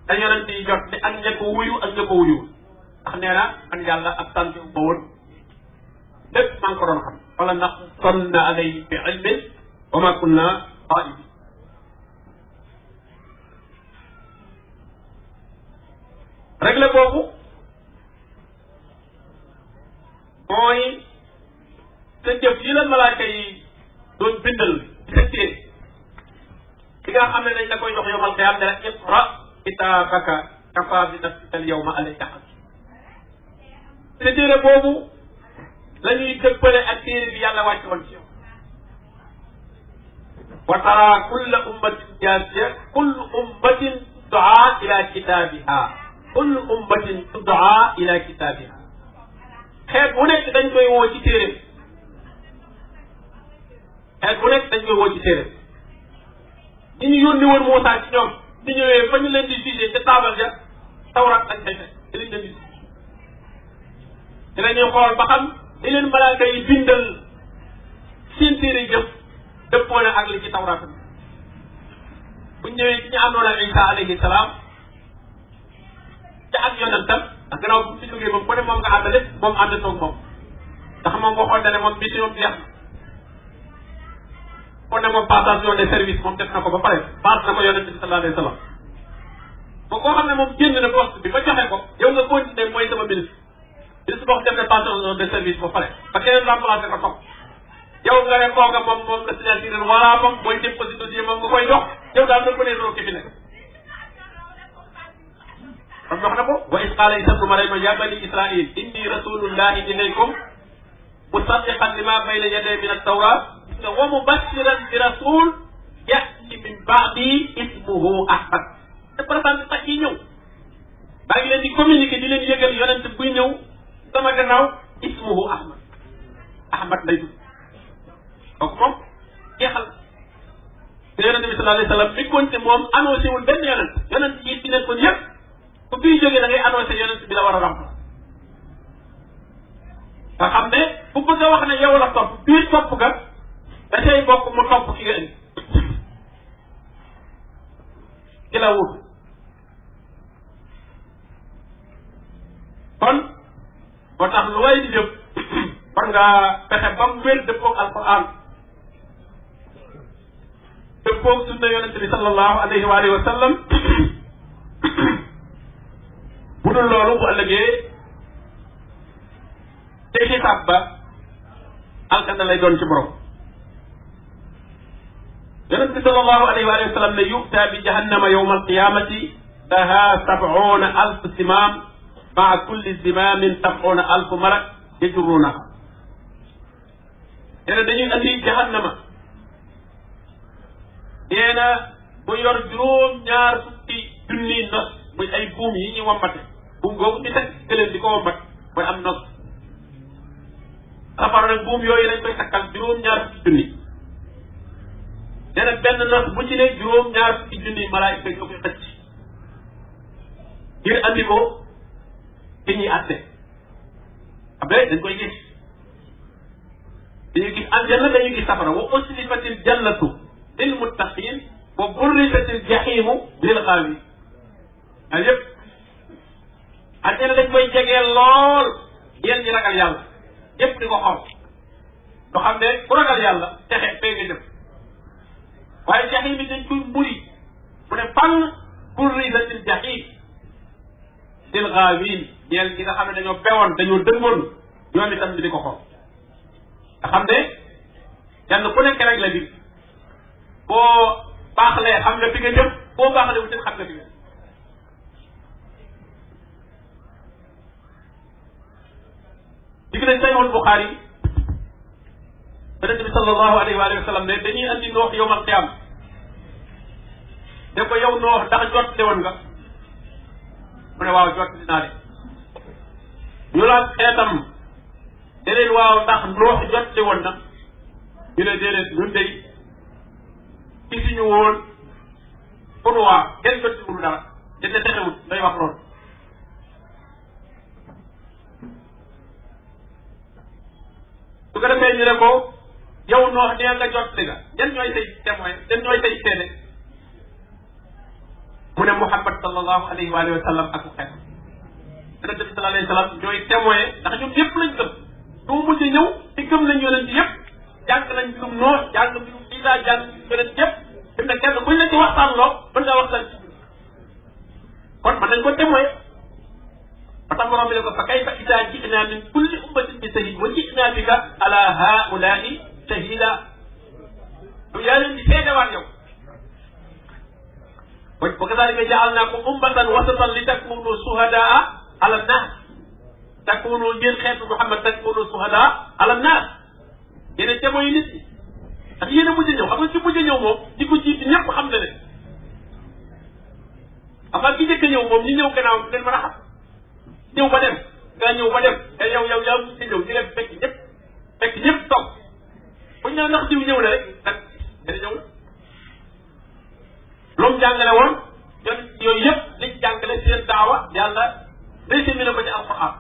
te yonent yi jot ni ak ña ko wuyu ak ña ko wuyu ndax nee na man yàlla ak tànk ma woon lépp maa ngi ko doon xam wala ndax kon na alay bi ilmin wa ma kunna xaa'ibin réglé boobu mooy te jëf yi la malaaka yi doon bindal ci ki nga xam ne dañ la koy jox yowmal qiyaam ne la iqra kitaabaka kafaa bi nafsika al yawma alayka te téere boobu la ñuy dëppale ak téere bi yàlla wàcc woon ci yow wa tara kulla ummatin jaasiya kullu ummatin duaa ila kitaabiha kullu ummatin tuddaa ila kitaabiha xeet bu nekk dañ koy woo ci téere xeet bu nekk dañ koy woo ci téere di ñu yónni woon Moussa ci ñoom di ñëwee fa ñu leen di jugé ca taabal ja tawrat ak xeet di leen di dinañuy xool ba xam di leen malaaka yi bindal seen téere jëf dëppoo na ak li ci tawrat bu ñëwee ci ñu àndoon ak Isa alayhi salaam te ak yonentam ndax gannaaw bu fi jógee moom ku ne moom nga àndale moom ànd toog moom ndax moom waxoon na ne moom mission bi jeex kon ne moom passation de service moom def na ko ba pare passe na ko yonente bi sallallahu alayhi wa sallam ba koo xam ne moom génn na poste bi ba joxe ko yow nga continuer mooy sama ministre ministre boo xam ne passation de service ba pare ba keneen remplacé ko toog yow nga ne kooka moom moom la signature wala moom mooy déposé dossier moom nga koy jox yow daal na ko ne loolu ki fi parce que wax na ko wa is qaala Isa bnu Maryama yaa bani Israil inni rasulullahi ilaykum musaddiqan lima bayna yaday min at-tawrat te wa mubashiran bi rasul yati min baadi ismuhu ahmad te présenté sax yi ñëw maa ngi leen di communiquer di leen yëgal yonent buy ñëw sama gannaaw ismuhu ahmad ahmad lay tudd donc moom jeexal te yonent bi sallallahu alayhi wa sallam mi konte moom annoncé wul benn yonent yonent yi di leen kon yëpp ku fiy jógee da ngay annoncé yonent la war a ramp nga xam ku bëgg wax ne yow la topp biir topp ga da cay bokk mu topp ki nga indi kon moo tax lu way di jëf war ngaa fexe ba mu wér dëppoog alquran dëppoog sunna yonent bi alayhi wa alihi bu dul loolu bu ëllëgee te xisaab ba alkana lay doon ci borom yonent bi sallallahu alayhi wa sallam ne yukta bi jahannama yawma alqiyamati laha sab'una alf simaam maa kulli simaamin sab'una alf malak yajurruunaha nee na dañuy andi jahannama nee na bu yor juróom ñaar fukki junni na muy ay buum yi ñu wambate buum googu ñu teg këléem di ko wombat mooy am nos safara nag buum yooyu lañ koy takkal juróom-ñaar fukki junni nee na benn nos bu ci ne juróom-ñaar fukki junni malaayika ñoo koy xëcc ngir andi ko ci ñuy àtte xam nga dañ koy gis dañuy gis aljanna dañuy gis safara wa uslifatil jannatu lil muttaqin wa burrifatil jahimu lil xaawi yëpp àjjana dañ koy jegeel lool yéen ñi ragal yàlla yëpp di ko xool nga xam ne texe fay nga jëm waaye jaxiim yi dañ koy mburi mu ne fànn burrizatil jaxiim dil gaawiin ñeel ñi nga xam ne dañoo bewoon dañoo dëngoon ñoom itam di ko xool nga xam ne kenn ku nekk rek la di boo baaxlee xam nga fi nga jëm boo baaxlee wutin xam nga fi digg nañ sayoon Buxaari yonent bi sallallahu alayhi wa sallam ne dañuy andi noox yow man qiyaam ko yow noox ndax jot teewoon nga mu ne waaw jot dinaa de ñu laaj xeetam ne leen waaw ndax noox jot teewoon na ñu ne déedéet ñun day gisuñu woon pour waa kenn jot ci wul dara dañ ne texewul day wax loolu bu ko defee ñu ne ko yow noox nee nga jot li nga ñan ñooy say témoin ñan ñooy say seede mu ne Muhammad sallallahu alayhi wa alihi wa sallam ak xeet yonent bi sallallahu alayhi wa sallam ñooy na ndax ñun yëpp lañ gëm du mujj ñëw ci gëm lañ yonent yëpp jàng nañ mbirum noox jàng mbirum Isa jàng mbirum yonent yëpp fi mu ne kenn buñ la ci waxtaan loo mën nga waxtaan ci kon mën ko témoin ba tax borom bi ne ko fa kayfa idaa ji'naa min kulli ummatin bi shahid wa ji'naa bika ala haa'ulaa'i shahida yaa leen di seedewaat yow wa kadalika ja'alnaakum ummatan wasatan li takunu suhadaa ala nnaas takunu ngeen xeetu Muhammad takunu suhadaa ala nnaas yéen te mooy nit ñi ak yéen a mujj a ñëw xam nga ci mujj a ñëw moom di ko jiit ñëpp xam na ne avant ki njëkk a ñëw moom ñi ñëw gannaaw ngeen mën a xam ñëw ba dem daa ñëw ba dem te yow yow yaa si ñëw ñu dem fekk ñëpp fekk ñëpp toog buñ ne ndax diw ñëw na rek nag dana ñëw na lu mu jàngale woon yoon yooyu yëpp liñ jàngale seen daawa yàlla résumé na ko ci alquran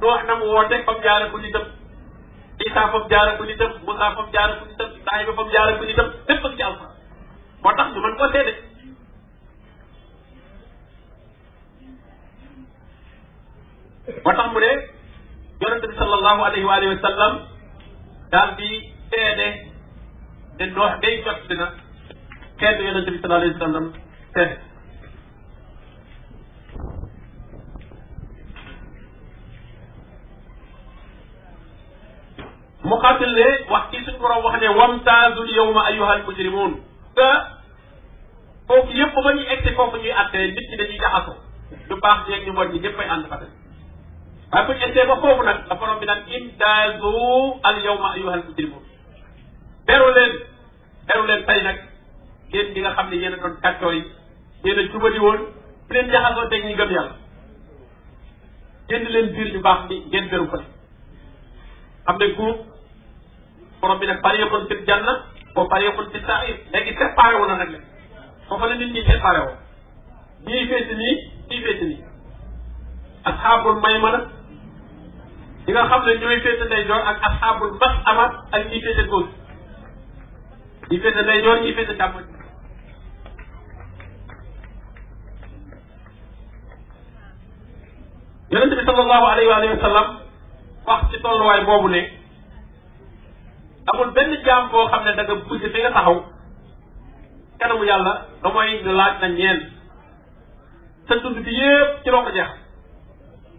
do wax na mu woote fam jaare ko nitam Isa fam jaare ko nitam Musa fam jaare ko nitam Ibrahima fam jaare ko nitam lépp ak ci alquran moo tax ñu mën koo seede moo tax mu ne yonente bi sallallahu alayhi wa alihi wa sallam daal di seede ne noox day jot dina kenn yonente bi sallallahu alayhi wa sallam seede muqaatil ne wax ci suñu borom wax ne wamtaazul yawma ayyuhal mujrimun te foofu yëpp ba ñuy egsi foofu ñuy àttee nit ñi dañuy jaxasoo ñu baax ñeeg ñu bon ñi ñëpp ay ànd fa waaye bu ñu essayé ba foofu nag dafa borom bi nag imtaazu al yawma ayyuhal mujrimun beru leen beru leen tey nag yéen ñi nga xam ne yéen doon kàccoor yi yéen a jubali woon bu leen jaxasoo teg ñi gëm yàlla génn leen biir ñu baax ni ngeen beru fa am nañ ko borom bi nag fariqun fil janna wa fariqun fis sa'ir léegi séparé wu na nag leen foofa la nit ñi séparé woo ñii féete nii ñii féete nii asxaabul maymana ñi nga xam ne ñooy féete ndeyjoor ak asxaabul mas amat ak ñi féete góor ñi féete ndeyjoor ñi féete càmmoñ yonent bi sallallahu alayhi wa sallam wax ci tolluwaay boobu ne amul benn jaam boo xam ne da nga bëgg fi nga taxaw kanamu yàlla mooy nga laaj na ñeen sa dund bi yëpp ci loo ko jeex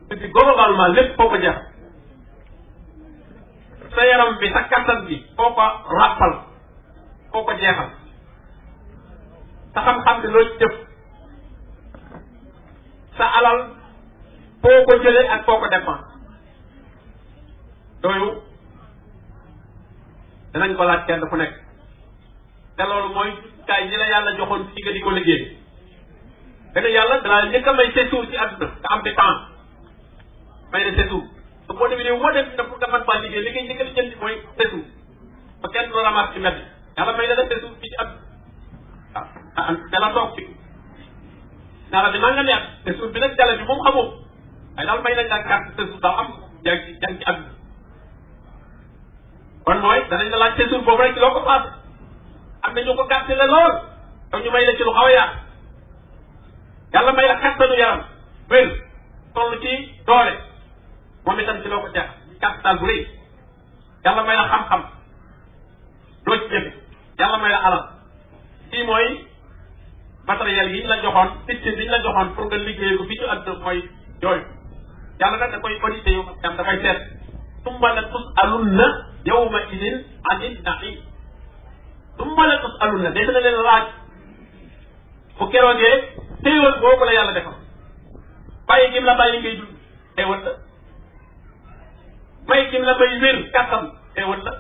dund bi globalement lépp foo ko sa yaram bi sa kattan bi foo ko ràppal foo ko jeexal sa xam-xam bi loo jëf sa alal foo ko jëlee ak foo ko dépense ko laaj kenn ku nekk te loolu mooy kaay ñi la yàlla joxoon ci nga di ko liggéey benn yàlla danaa njëkk a may séjour ci àdduna nga am di temps may na séjour boo demee ne woo dem itam pour nga mën faa liggéey li a jënd mooy seetu ba kenn du ramaat la la seetu fii ci at waaw la ah, ah, toog fi naa la dinaa nga neex seetu bi nag jàll bi moom xamoo waaye daal may nañ la carte seetu daaw am yaa ngi yaa ngi ci at kon mooy danañ la laaj ko paase am na ñu ko gàtte la lool ñu may la ci lu xaw a yaatu yàlla may la kattanu yaram moom itam ci loo ko teex capital bu rëy yàlla la xam-xam doo ci jëfe yàlla may la alal lii mooy la joxoon picc liggéey ko fii ci àdduna mooy yooyu yàlla nag da koy audité yow ma am dafay seet summa la tus alun na yow ma idin anin naxi summa la tus alun na def na leen laaj bu keroogee téewal boobu la yàlla defal bàyyi gim la bàyyi ngay dund téewal la may gim la may wér kàttan xéewal la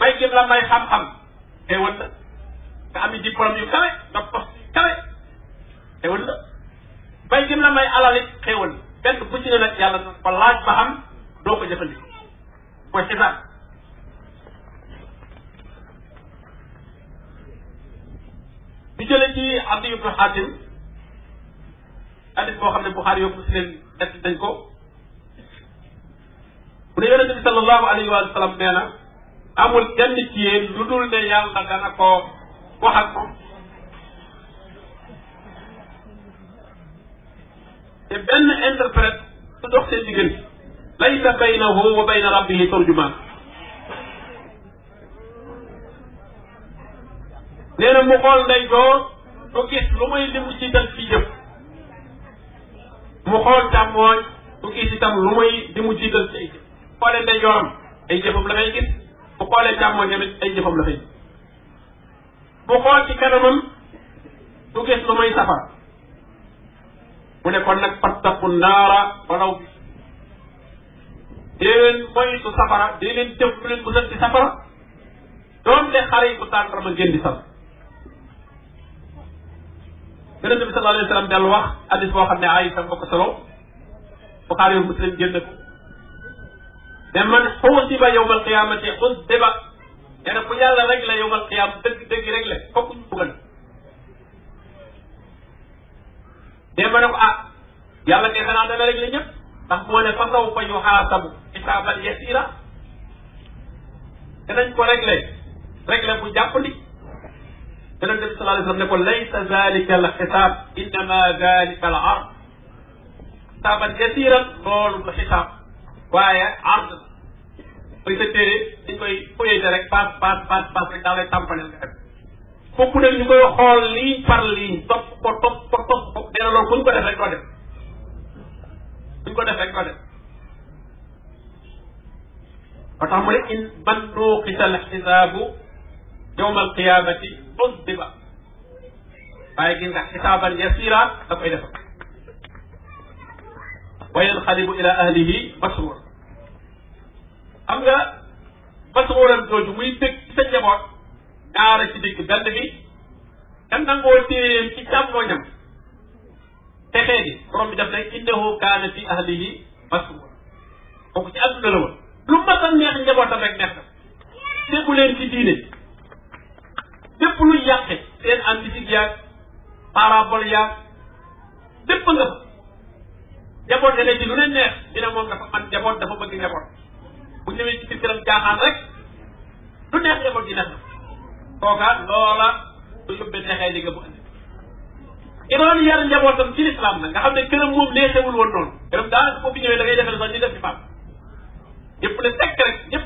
may gim la may xam-xam xéewal la nga am diplôme yu kawe nga poste yu kawe xéewal la may gim la may alal it xéewal la benn bu ci ne nag yàlla na ko laaj ba am doo ko jëfandikoo koy xisaab ñu jële ci Abdi ibnu Xaatim hadis boo xam ne Buxaari yóbbu si leen ko bu ne bi sallallahu alayhi wa sallam amul kenn ci yéen lu dul ne yàlla dana ko wax ak moom benn interprète su dox seen diggante laysa baynahu wa bayna rabbihi turjumaan nee mu xool ndey joor du gis lu muy lim ci dal ci jëf mu xool càmmooñ du gis itam lu muy mu jiital ci xoolee ndeyjooram ay jëfam la fay gis bu xoolee càmmooñ tamit ay jëfam la fay bu xool ci kanamam du gis lu may safar mu ne kon nag fattaqu naara walaw dee leen moytu safara dee leen jëf leen musal ci safara doonte xale yi bu tàndarma ngeen di sal yonente bi sallallahu alayhi wa sallam dellu wax addis boo xam ne Aïsa moo ko solo Buxaari Muslim génn ko te man xuusiba yowmal qiyaamati xuusiba nee na bu yàlla rek la yowmal qiyaam dëgg dëgg rek la fokk ñu bëggal te ma ne ko ah yàlla kay xanaa dana rek la ñëpp ndax moo ne fa saw fa yu xaasabu xisaaban yasiira danañ ko réglé réglé bu jàppandi yonent bi sallallahu alayhi wa sallam ne ko laysa zalika al xisaab innama zalika al ard xisaaban yasiira loolu la xisaab waaye ard mooy sa téere dañ koy fuyee rek paas paas paas paas rek daa lay tàmpale nga def fokk nag ñu koy xool ligne par ligne topp ko topp ko topp ko dina loolu kuñ ko def rek ko def kuñ ko def rek ko def ba tax mu ne in ban nuuqisal xisaabu yowma alqiyamati usdiba waaye gis nga xisaaban yasira da koy defal wa yanqalibu ila ahlihi masruur xam nga masruuram jooju muy dëkk ci sa njaboot daara ci dëkk benn bi te nangoo téeréem ci càmmooñam texee gi borom bi def ne innahu kaana fi ahlihi masruur kooku ci àdduna la woon lu mas a neex njabootam rek neex na tegu leen ci diine lépp luy yàqe seen antifique yaag parabole yaag lépp nga fa njaboot ne léegi lu leen neex ñu ne moom dafa am njaboot dafa bëgg njaboot bu ñëwee ci biir këram caaxaan rek lu neex njaboot gi neex na kooka loola du yóbbee neexee li nga bu andi ki doon yar njabootam ci lislaam nag nga xam ne këram moom neexewul woon noonu këram daanaka foofu ñëwee da ngay defee sax ñu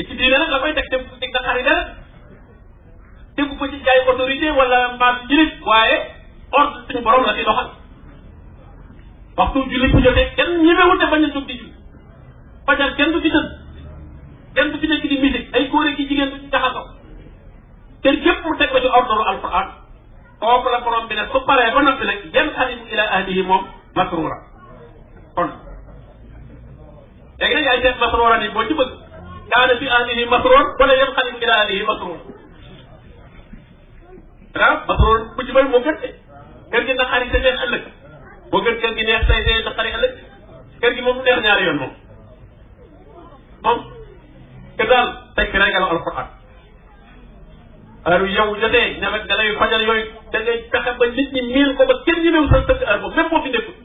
def ci na xari ko ci wala maam jirit waaye ordre suñu borom la ci doxal waxtu julli bu jotee kenn ñemewute bañ a jóg di julli fajar kenn du ci tëdd kenn du ci nekk di musique ay góor ki jigéen du ci jaxasoo kër yëpp mu teg ko ci ordre alquran kooku la borom bi ne su paree ba noppi nag dem alim ila ahlihi moom masrura kon léegi nag ay def masrura ni boo ci bëgg kaana fi ahlihi masrur wala yem xalim ila ahlihi masrur ah masrur bu ci bëri moo gën de kër gi ndax xarit seen ëllëg boo gën kër gi neex tey tey na xari ëllëg kër gi moom du neex ñaari yoon moom moom kër daal tekki regal alquran heure yow jotee nawet da lay fajal yooyu da ngay fexe ba nit ñi miin ko ba kenn ñi mew sa tëgg heure boobu même boo fi nekkul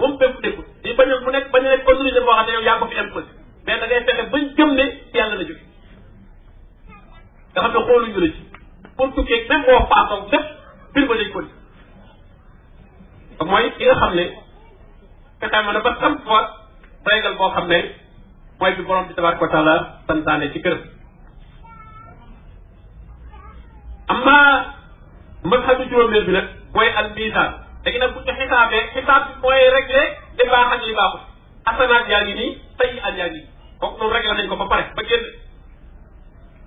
moom bépp nekkul di bañ a mu nekk bañ a nekk autorisé boo xam ne yow yaa ko fi imposé mais da ngay fexe bañ gëm ne yàlla la jóge nga xam ne xooluñu la ci pour tukkee même boo faatoo lépp bir ba dañ ko mooy ki nga xam ne fexe ma ne ba sam fa régal boo xam ne mooy bi borom bi tabaraka wa taala santaane ci kër amma mazhabu juróomeel bi nag mooy al miisaan léegi nag bu ñu xisaabee xisaab bi mooy réglé li baax ak li baaxul asanaat yaa ngi nii tay at yaa ngi nii kooku noonu réglé nañ ko ba pare ba génn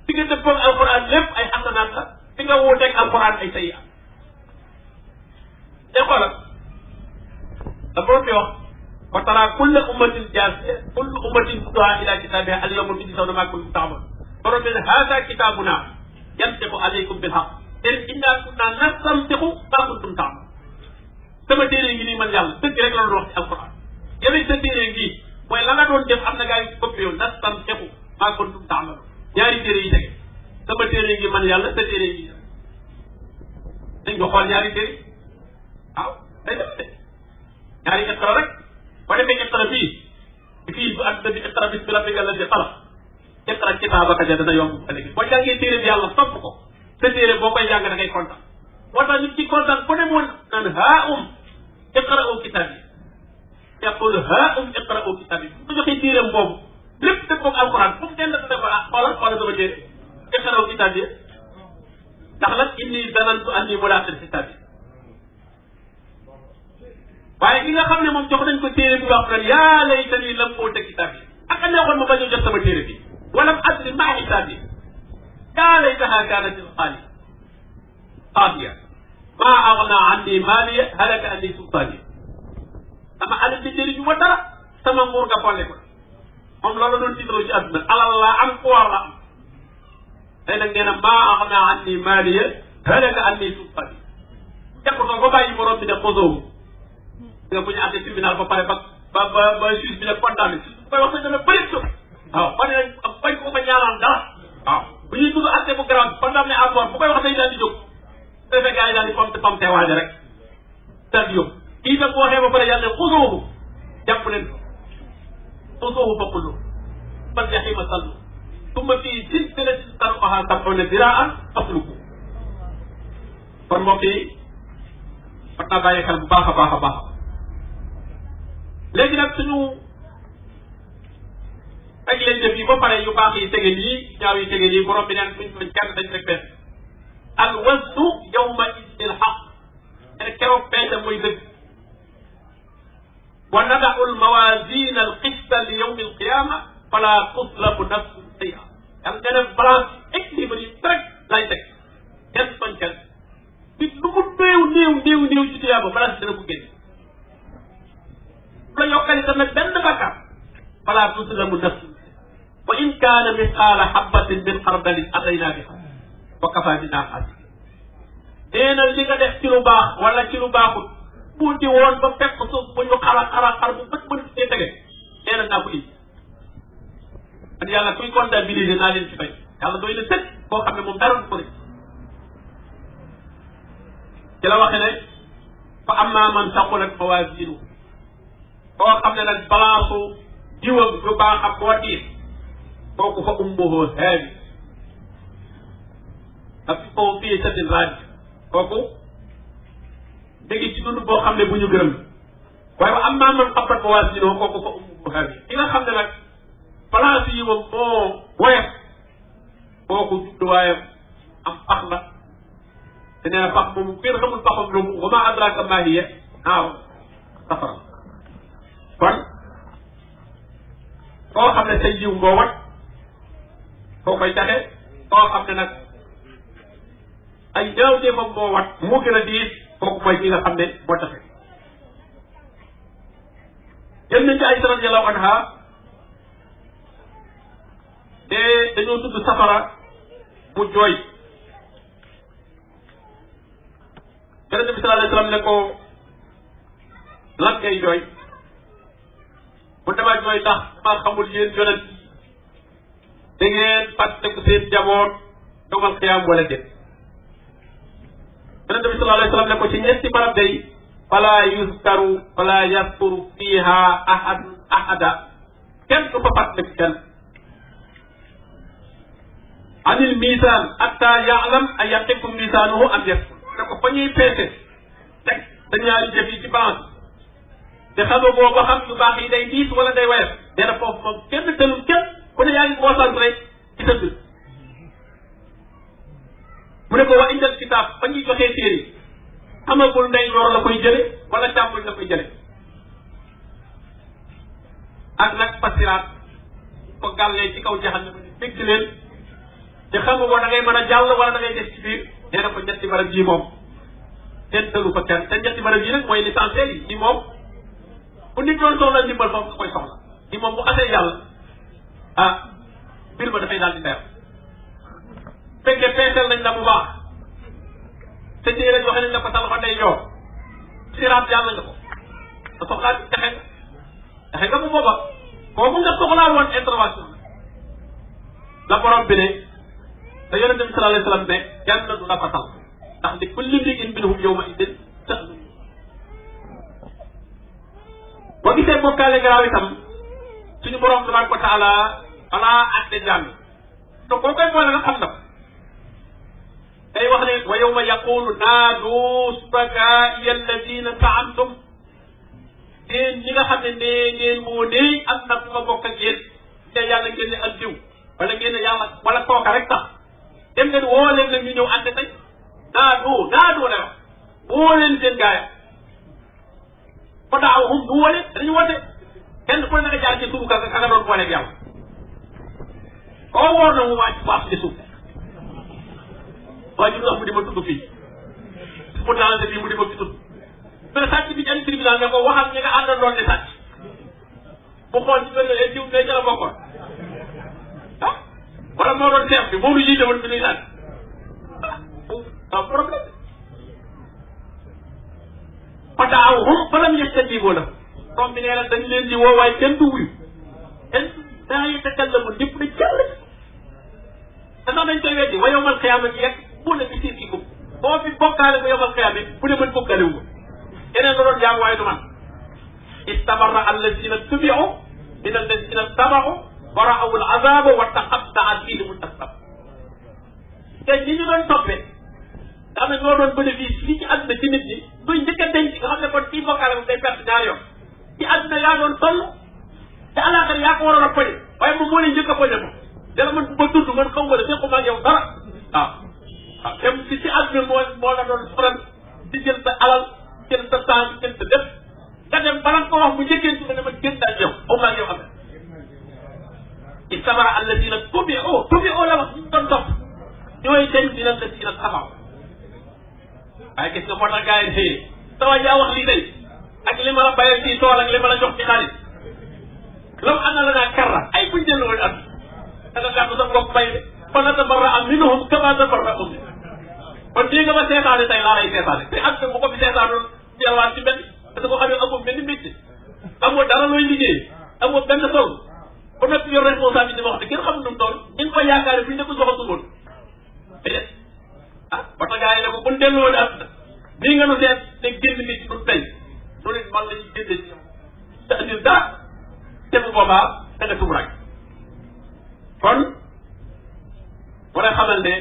fi nga dëppoog alxuraan lépp ay asanaat la fi nga wuuteeg alxuraan ay sayi am te xoolal dafa doon fi wax wa tara kulla ummatin jaasiya kulla ummatin fudduha ila kitaabiha al-yawma tujzawna maa kuntum ta'maluun borom bi ne haada kitaabunaa yantiqu alaykum bil haqq te innaa kunnaa nastantiqu maa kuntum ta'maluun sama téere ngi nii man yàlla dëgg rek la doon wax ci alquran yeneen sa téere ngi mooy la nga doon def am na gaa yu coppite yow nastantiqu maa kuntum ta'maluun ñaari téere yi tege sama téere ngi man yàlla sa téere ngi dañ ko xool ñaari téere waaw day def de ñaari iqra rek boo defee iqra fii fii bu ak bi iqra bis bi rabbika alladi xalaq iqra kitaabaka ja dana yomb bu ëllëg boo jàngee téere bi yàlla topp ko sa téere boo koy jàng da ngay kontaan moo tax nit ci kontaan ku ne moon naan haa um iqra'u kitaab yi yaqul haa um iqra'u kitaab yi bu ko joxee téereem boobu lépp def ko alquran fu mu den dafa ne ko ah xoolal xoolal sama téere iqra'u kitaab yi ndax nag inni zanantu anni mulaqin xisaabi waaye ki nga xam ne moom jox nañ ko téere bi wax naan yaa laytani lam uuta kitaabi ak a neexoon ma bañ a jot sama téere bi walam adri maa hisaabi yaa laytahaa kaanati l-qaadi qaadiya maa aghnaa anni maaliya halaka anni sultaaniya sama alal di jëriñu ma dara sama nguur nga folle ko moom loolu doon tiitaroo ci àdduna alal laa am pouvoir la am tey nag nee na maa aghnaa anni maaliya halaka anni sultaaniya jàpp ko ba bàyyi borom bi ne xosoomu nga bu ñu àttee tribunal ba pare ba ba ba ba juge bi nag condamné koy wax sañ dana bëri so waaw ba ne nañ bañ ko fa ñaanaan dara waaw bu ñuy dugg àtte bu grave condamné à mort bu koy wax sañ daal di jóg defe gars yi daal di pomte pomte waaje rek daal di yóbbu kii nag bu waxee ba pare yàlla ne xusoobu jàpp leen xusoobu fakkulu man jaxima sallu summa fii silsilatin tarquhaa sab'uuna ziraa'an fasluku kon mbokk yi war naa bàyyi xel bu baax a baax a léegi nag suñu ak leen def yi ba pare yu baax yi tege lii ñaaw yi tege lii borom bi neen buñ ko kenn dañ rek benn al wasnu yawma idin xaq te keroog peese mooy dëgg wa nadaxu al mawasina al qista li yawmi al qiyama fala tuslamu nafsun say'a yàlla nee na balance équilibre yi rek lay teg kenn soñ kenn nit lu mu néew néew néew néew ci tuyaaba balance dana ko génn la yokkal itam nag benn bàkkaar falaa tuzlamu nafs wa in kaana misqaala xabbatin min xardalin ataynaa biha wa kafaa binaa xaasibiin nee na li nga def ci lu baax wala ci lu baaxut buuti woon ba fekk suuf bu ñu xara xara xar bu bët mën ci tege nee na naa ko indi man yàlla kuy comptabiliser naa leen ci fay yàlla doy na tëj koo xam ne moom dara du ko def ci la waxe ne fa amma man saqulat mawaaziinuhu boo xam ne nag balance u jiwam lu baax ak boo diis kooku fa ummuhu haawi ak foofu fii satin raaj kooku dégg ci dund boo xam ne bu ñu gërëm waaye ba am naa man xabat ba waa sinoo kooku fa ummuhu haawi ki nga xam ne nag balance yiwam moo woyof kooku jubluwaayam am pax la te nee na pax moomu kenn xamul paxam lu wa maa adraaka maa hiya naaru safara kon koo xam ne say jiw ngoo wat koo koy taxe koo xam ne nag ay ñaaw te moom ngoo wat mu gën a diis kooku mooy ki nga xam ne boo taxe jël nañ ci ay radiyallahu anha te dañoo tudd safara mu jooy yonente bi sallallahu alayhi wasallam ne ko lan ngay jooy bu tamit mooy tax ma xamul yéen yonent da ngeen fàtteku seen jaboot dogal xiyaam wala déet yonent bi sallallahu alayhi wa sallam ne ko ci ñetti barab day fala yuskaru fala yaskuru fiha ahad ahada kenn du fa fàtteku kenn anil misaan hatta yaalam an yaqifu misaanuhu am yaqul ne ko fa ñuy peese teg sa ñaari jëf yi ci balance te xamoo boo ba xam yu baax yi day diis wala day wayaf nee na foofu moom kenn tëlul kenn ku ne yaa ngi moosant rek ci sa biir mu ne ko waa indal kitaab fa ñuy joxee téere xamagul ndey loor la koy jële wala càmmoñ la koy jële ak nag fasiraat ko gàllee ci kaw jaxal na ko dégg leen te xamu ko da ngay mën a jàll wala da ngay des ci biir nee na ko ñetti barab yi moom kenn tëlu fa kenn te ñetti barab yi nag mooy licencié yi moom bu nit doon soxla ndimbal foofu nga koy soxla ni moom bu xasee yàlla ah mbir ma dafay daal di leer fekkee peeseel nañ la bu baax sa téere joxe nañ la ko sa loxo day joor siraat jàll nga ko sa soxlaa texe nga texe nga bu booba kooku nga soxlaa woon intervention la borom bi ne da yonente bi sallallahu alayhi wasallam ne kenn du la ko tal ndax li kulli mri'in minhum yawma idin boo gisee bokkaale garaaw itam suñu borom tabaraka wa taala ala atte na ko day wax ne wa yawma yaqulu naadu shurakaaiya alladina zaamtum neen ñi nga xam ne nee ngeen moo nee am na ku ma bokk ak yéen te yàlla ngeen ne ak diw wala ngeen ne yàlla wala kooka rek woo leen nag ñu ñëw ànd tey naadu naadu la woo leen seen gaaya fa daaw xum bu wóole dañu woote kenn ku ne nga jaar ci suuf ka ka nga doon booleeg yow koo wóor na mu wàcc waaf ci suuf waaye ñu wax mu di ma tudd fii pourtant bi mu di ma fi tudd mais sàcc bi jëm tribunal nga ko waxal ñi nga àndandoon ne sàcc bu xool ci benn ay jiw ne ca la bokkoon ah wala moo doon chef bi moom lu ñuy demoon bi ñuy sàcc ah problème fadaawhum falam yastajibu la borom bi nee na dañ leen di woo waaye kenn du wuyu kenn daa yatakallamu ñëpp dañ jàll te sax dañ koy weddi wa yowmal xiyaama bi yegg bu ne bi sirkikum boo fi bokkaale ba yowmal xiyaama bi bu ne man bokkaale wu keneen la doon jaam waaye du man istabarra allazina tubiu min allazina tabaxu wa raawu al azaaba wa taqattaat fiihim al asbaab te ñi ñu doon toppee nga xam ne moo doon bénéfice fii ci àdduna ci nit ñi buñ njëkk a denc nga xam ne kon kii bokkaale moom day doon toll te àllaaxira yaa ko a poñe waaye moom moo lay njëkk a poñe moom dara man ba man xaw ma ne sequ ma yow dara waaw waaw dem ci ci àdduna moo doon faral di jël sa alal jël sa temps jël sa lépp nga dem bala nga ko wax bu njëkkee suba ne ma gën daal yow xaw ma ak yow am istabara alladina tubi'u tubi'u la wax ñu doon topp ñooy denc dina la dina taxaw waaye gis nga moo tax gars yi téye sama jaa wax lii day ak li ma la bayal tool ak li ma la jox ci xaalis na la naa karra ay buñ delloo woon at dana gàtt sa bopp bay de fa a tabarra minhum kama tabarra'u minkum kon lii nga ma seetaane tey laa lay seetaane te ak bu ko fi seetaanoon yalwaan ci benn parce que boo xamee amoo benn métier amoo dara looy liggéey amoo benn tool ba noppi yor responsabilité o xam ne kenn xamul o mu toll ñu ngi ko yaakaare bu ñu ne ko joxatul woon ah oto gars yi ne ko bu ñu delloo woon àdduna bii nga nu seet te génn nit ñi du tey loolu it man la ñuy génne ci yow te andil dara te bu boobaa da nga tum rek kon war a xamal ne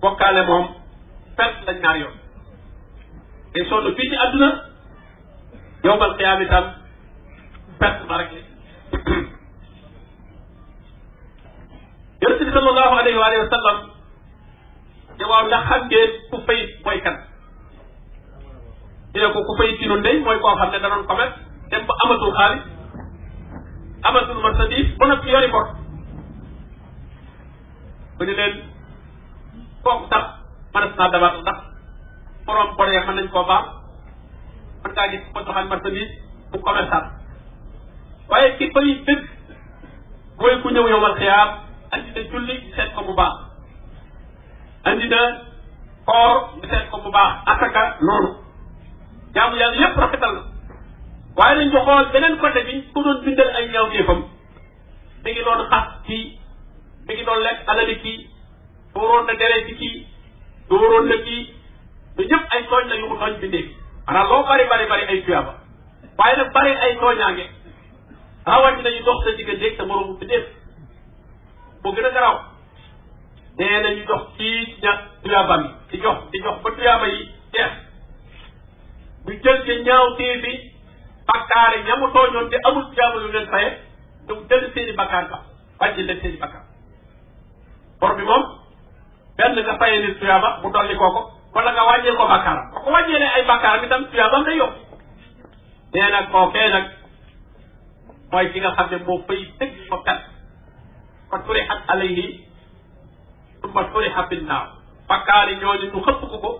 bokkaale moom perte lañ ñaar yoon te sonn fii ci àdduna yowmal xiyaam itam perte ba rek yonent bi sallallahu alayhi wa sallam te waaw ndax xam ngeen ku fay mooy kan ñu ne ko ku fay ci nu ndey koo xam ne da doon commerce dem ba amatul xaalis amatul marchandise ba noppi yori bor ba ni leen kooku sax ya mën nañ koo baax mën ngaa gis ko joxaan marchandise bu commerçant waaye ki fay dëgg mooy ku ñëw yowal xiyaar andi na julli seet ko bu baax andi na or ñu seet ko bu baax asaka noonu jaamu yàlla yépp rafetal na waaye nañ ko xool beneen côté bi ku doon bindal ay ñaaw yéefam mi ngi doon xas kii mi ngi doon lekk alali kii dóoroon na dere ci kii dóoroon na kii lu ñëpp ay tooñ la yu mu tooñ bindee maanaam loo bari bari bari ay tuyaaba waaye nag bari ay tooñaange rawatina ñu dox sa diggante ak sa moromu bindee mu gën a garaaw nee na ñu dox fii ña tuyaabam jox di jox ba tuyaaba yi jël ci ñaaw téef yi bakkaar yi ña mu tooñoon te amul tuyaaba yu leen faye ñu jël seen i bakkaar ba wàññi leen seen i bakkaar bor bi moom benn nga fayee nit tuyaaba mu dolli koo ko wala nga ko bakkaaram ba ko ne ay bakkaaram itam tuyaabam day yokk nee nag koo fee mooy ki nga xam ne moo fay dëgg ko kat fa turi ak alayhi summa turiha fi naar bakkaari ñooñu ñu xëpp ko ko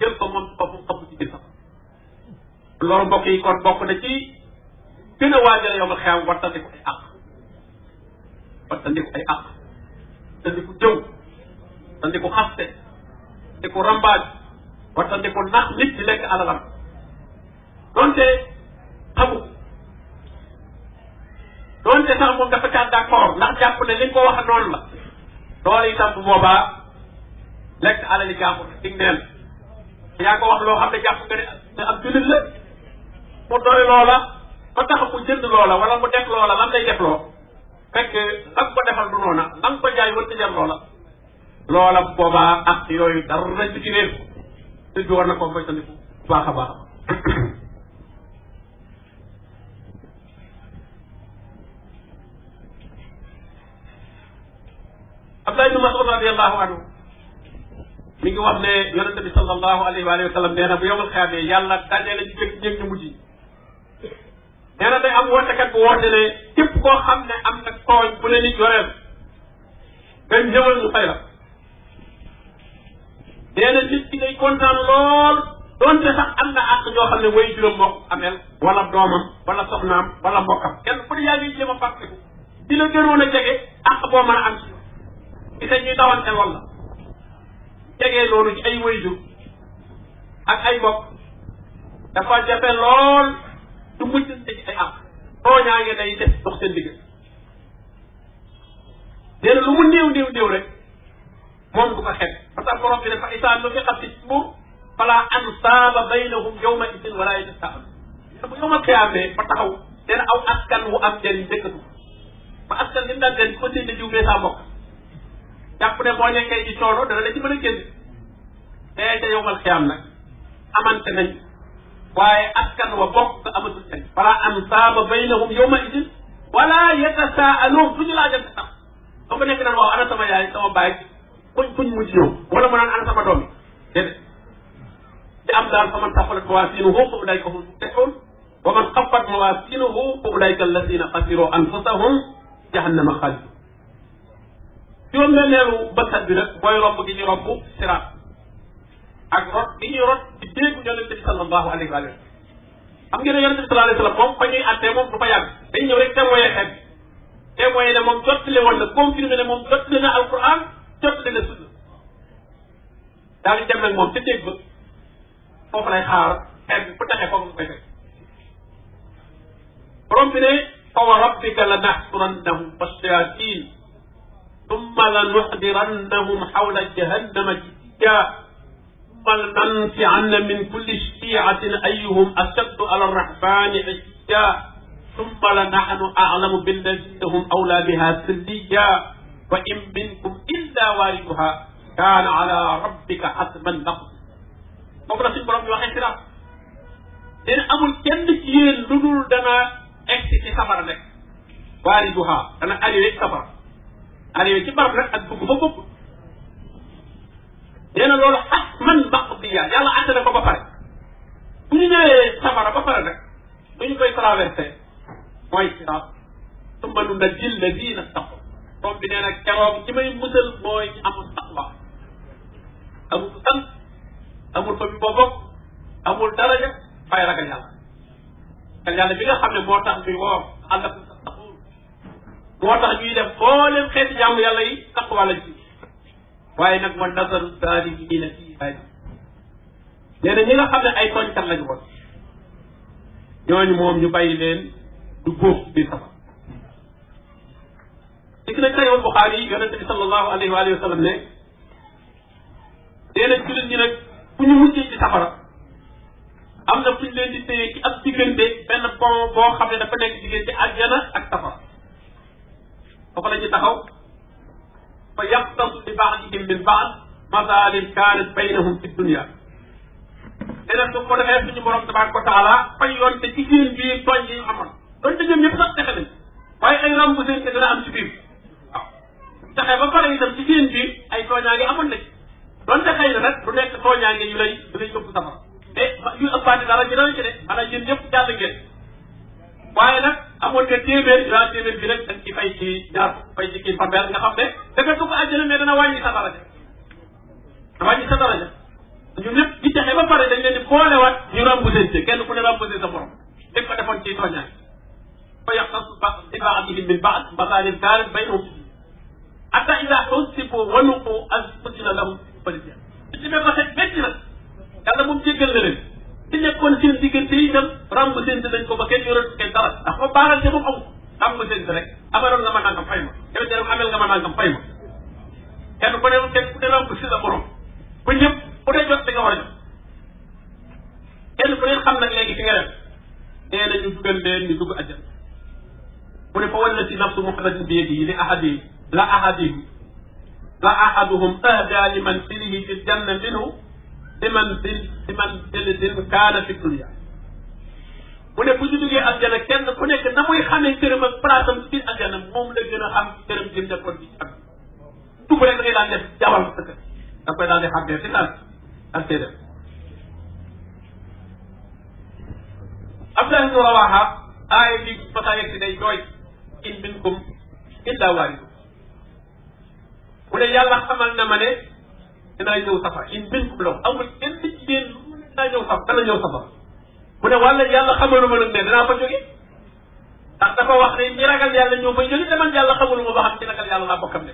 jël ko moom ko xëpp ci biir sax loolu mbokk yi kon bokk na ci gën a waajal yomal xew wattandiku ay àq wattandiku ay àq wattandiku jëw wattandiku xaste wattandiku rambaaj wattandiku nax nit di lekk alalam donte xamu donte sax moom dafa caan d'accord ndax jàpp ne li nga ko wax noonu la loolu itam bu boobaa lekk alali jàmbur dig neen yaa ko wax loo xam ne jàpp nga ne am jullit la mu doy loola ba tax mu jënd loola wala mu def loola lan lay def loo fekk lan ko defal du noona lan ko jaay wër jar loola loola bu boobaa ak yooyu dara ci réer sëñ bi war na ko moytandiku baax a Abdullah ibn Mas'ud radiyallahu anhu mi ngi wax ne yonente bi sallallahu alayhi wa sallam nee na bu yomal xeamee yàlla dajee la ci jëkk ñëg ñu mujj nee na day ne képp koo xam ne am na tooñ ne nit yoreel nga ñëwal ñu fay la nee na nit ki day kontaan lool doonte sax am na àq ñoo xam ne way juróom moo ameel wala doomam wala soxnaam wala mbokkam kenn ku ne yaa ngi jéem a fàtteku di la gënoon a jege àq boo am ci gis ñuy dawante walla tegee loolu ci ay wayjur ak ay mbokk dafa jafe lool du mujjante ci ay àq tooñaa ngi day def dox seen digg nee na lu mu néew néew néew rek moom du ko xet parce que borom bi dafa isaan lu fi xas ci buur fala ansaaba baynahum yawma idin wala yatasaalu nee bu yowmal xiyaamee ba taxaw nee askan wu am njëriñ dëkkatu askan li mu daan den ko seen ne jiw bee jàpp ne boo nekkee ci coono dana la ci mën a génn tey ca yowmal xiyaam nag amante nañ waaye askan wa bokk amatu a wala am saaba baynahum yowma idin wala yatasaaluun suñu laajante sax ba mu nekk naan waaw ana sama yaay sama baay kuñ kuñ mujj ñëw wala mu naan ana sama doom déedéet di am daal fa man saxulat mawaasiinuhu fa ulaayka hum muflixuun wa man xaffat mawaasiinuhu fa ulaayka allaziina xasiroo anfusahum jahannama xaalidun juróom-benneelu bësat bi nag mooy romb gi ñu romb siraat ak rot gi ñuy rot di dégg yonent bi sallallahu alayhi wa sallam am ngeen ne yonent bi sallallahu alayhi wa sallam moom fa ñuy àttee moom du fa yàgg dañ ñëw rek témoyé xeet témoyé ne moom jottali woon na confirmé ne moom jottali na alquran jottali na sunna daal di dem nag moom te dégg ba foofu lay xaar xeet bi bu taxee foofu nga koy fekk borom bi ne fa wa rabbika la naxsurannahum wa shayatin summa la nuxdirannahum xawla jahannama jidda summa la nansianna min kulli shiatin ayuhum ashaddu ala arrahmani ijja summa la naxnu aclamu billadina hum awlaa biha sirriya wa in minkum illa waariduha kaana ala rabbika xasban maqdiya foofu la suñu borom ñu waxee siraat nee na amul kenn ci yéen lu dul dana egg ci safara rek waariduha dana arrivé safara arrivé ci barab nag ak dugg ba bopp nee na loolu xas ah man baq bi yaa yàlla àtte na ko ba pare bu ñu ñëwee ba pare nag du ñu koy traversé mooy siraat summa nunajji alladina taqaw borom bi nee na keroog ci may musal mooy amul taqwa amul sant amul fa bi boo bokk amul daraja fay ragal yàlla xam ne moo tax ñuy def mboolem xeeti jàmm yàlla yi taqwa la ci waaye nag man nasaru saalihiina fii haaji nee na ñi nga xam ne ay tooñkat lañu woon ñooñu moom ñu bàyyi leen du góob bi sama dikk nañ tey woon Buxaari yi yonente bi sallallahu alayhi wa alihi wa sallam ne nee nañ jullit ñi fu ñu muccee ci safara am na fu leen di téye ci ab diggante benn pont boo xam ne dafa nekk diggante àjjana ak safara foofu la ñu taxaw fa yaxtasu li baadihim min baad masaalin kaanat baynahum fi dunia te nag su ko defee suñu borom tabaraka wa taala fay yoon te ci seen biir tooñ yi amoon doon te ñoom ñëpp sax texe nañ waaye ay ram bu seen te dana am ci biir waaw texe ba pare itam ci seen biir ay tooñaa ngi amoon na ci doonte xëy na nag du nekk tooñaa ngi yu lay du lay yóbbu safara te yu ëppaate dara ñu dana ci de xanaa yéen ñëpp jàll ngeen waaye nag amoon nga téeméer yaa téeméer bi rek dañ ci fay ci ñaar fay ci kii fanweer nga xam ne danga dugg àjjana mais dana wàññi sa daraja dana wàññi sa daraja ñun ñëpp di texe ba pare dañ leen di boolewaat ñu remboursé kenn ku ne remboursé sa borom dëgg fa defoon ci tooñaay fa yaxtasu ba ibaatihim min baad masalim kaarin baynahum hatta ida usibu wa nuqu an qutila lahum farijan ci ba set métti nag yàlla moom jéggal na leen li nekkoon seen diggante yi itam remboursé nañ ko ba kenn yoroon kenn dara ndax ba baaral te moom amul remboursé rek amaloon nga ma nangam fay ma yow itam amel nga ma nangam fay ma kenn ku ne kenn ku ne remboursé la borom ba ñëpp ku ne jot li nga war a jot kenn ku ne xam nag léegi fi nga def nee nañu dugal leen ñu dugg àjjana mu ne fa wallati nafsu muhammadin bi yadihi li ahadi la ahadihum la ahaduhum ahda liman filihi fi janna minhu bi man bi bi man jëlitin kaana fi dunya mu ne bu ñu duggee aljana kenn ku na muy xamee këram ak place am ci aljana moom la gën a xam këram jëm defoon ci ak dugg rek da ngay daan def jawal sa kër da koy daan di xàmmee si naan ak see def Abdullah ibn Rawaha aaya bi masaa yegg si day jooy in minkum illa waaridu mu ne yàlla na ma dinaa ñëw safar in minkum law amul kenn ci yéen dinaa ñëw safar dana ñëw safar mu ne wala yàlla xamaluma nag ne danaa fa jóge ndax dafa wax ne ñi ragal yàlla ñoo fay jóge te man yàlla xamaluma ba xam ñi ragal yàlla laa bokkam ne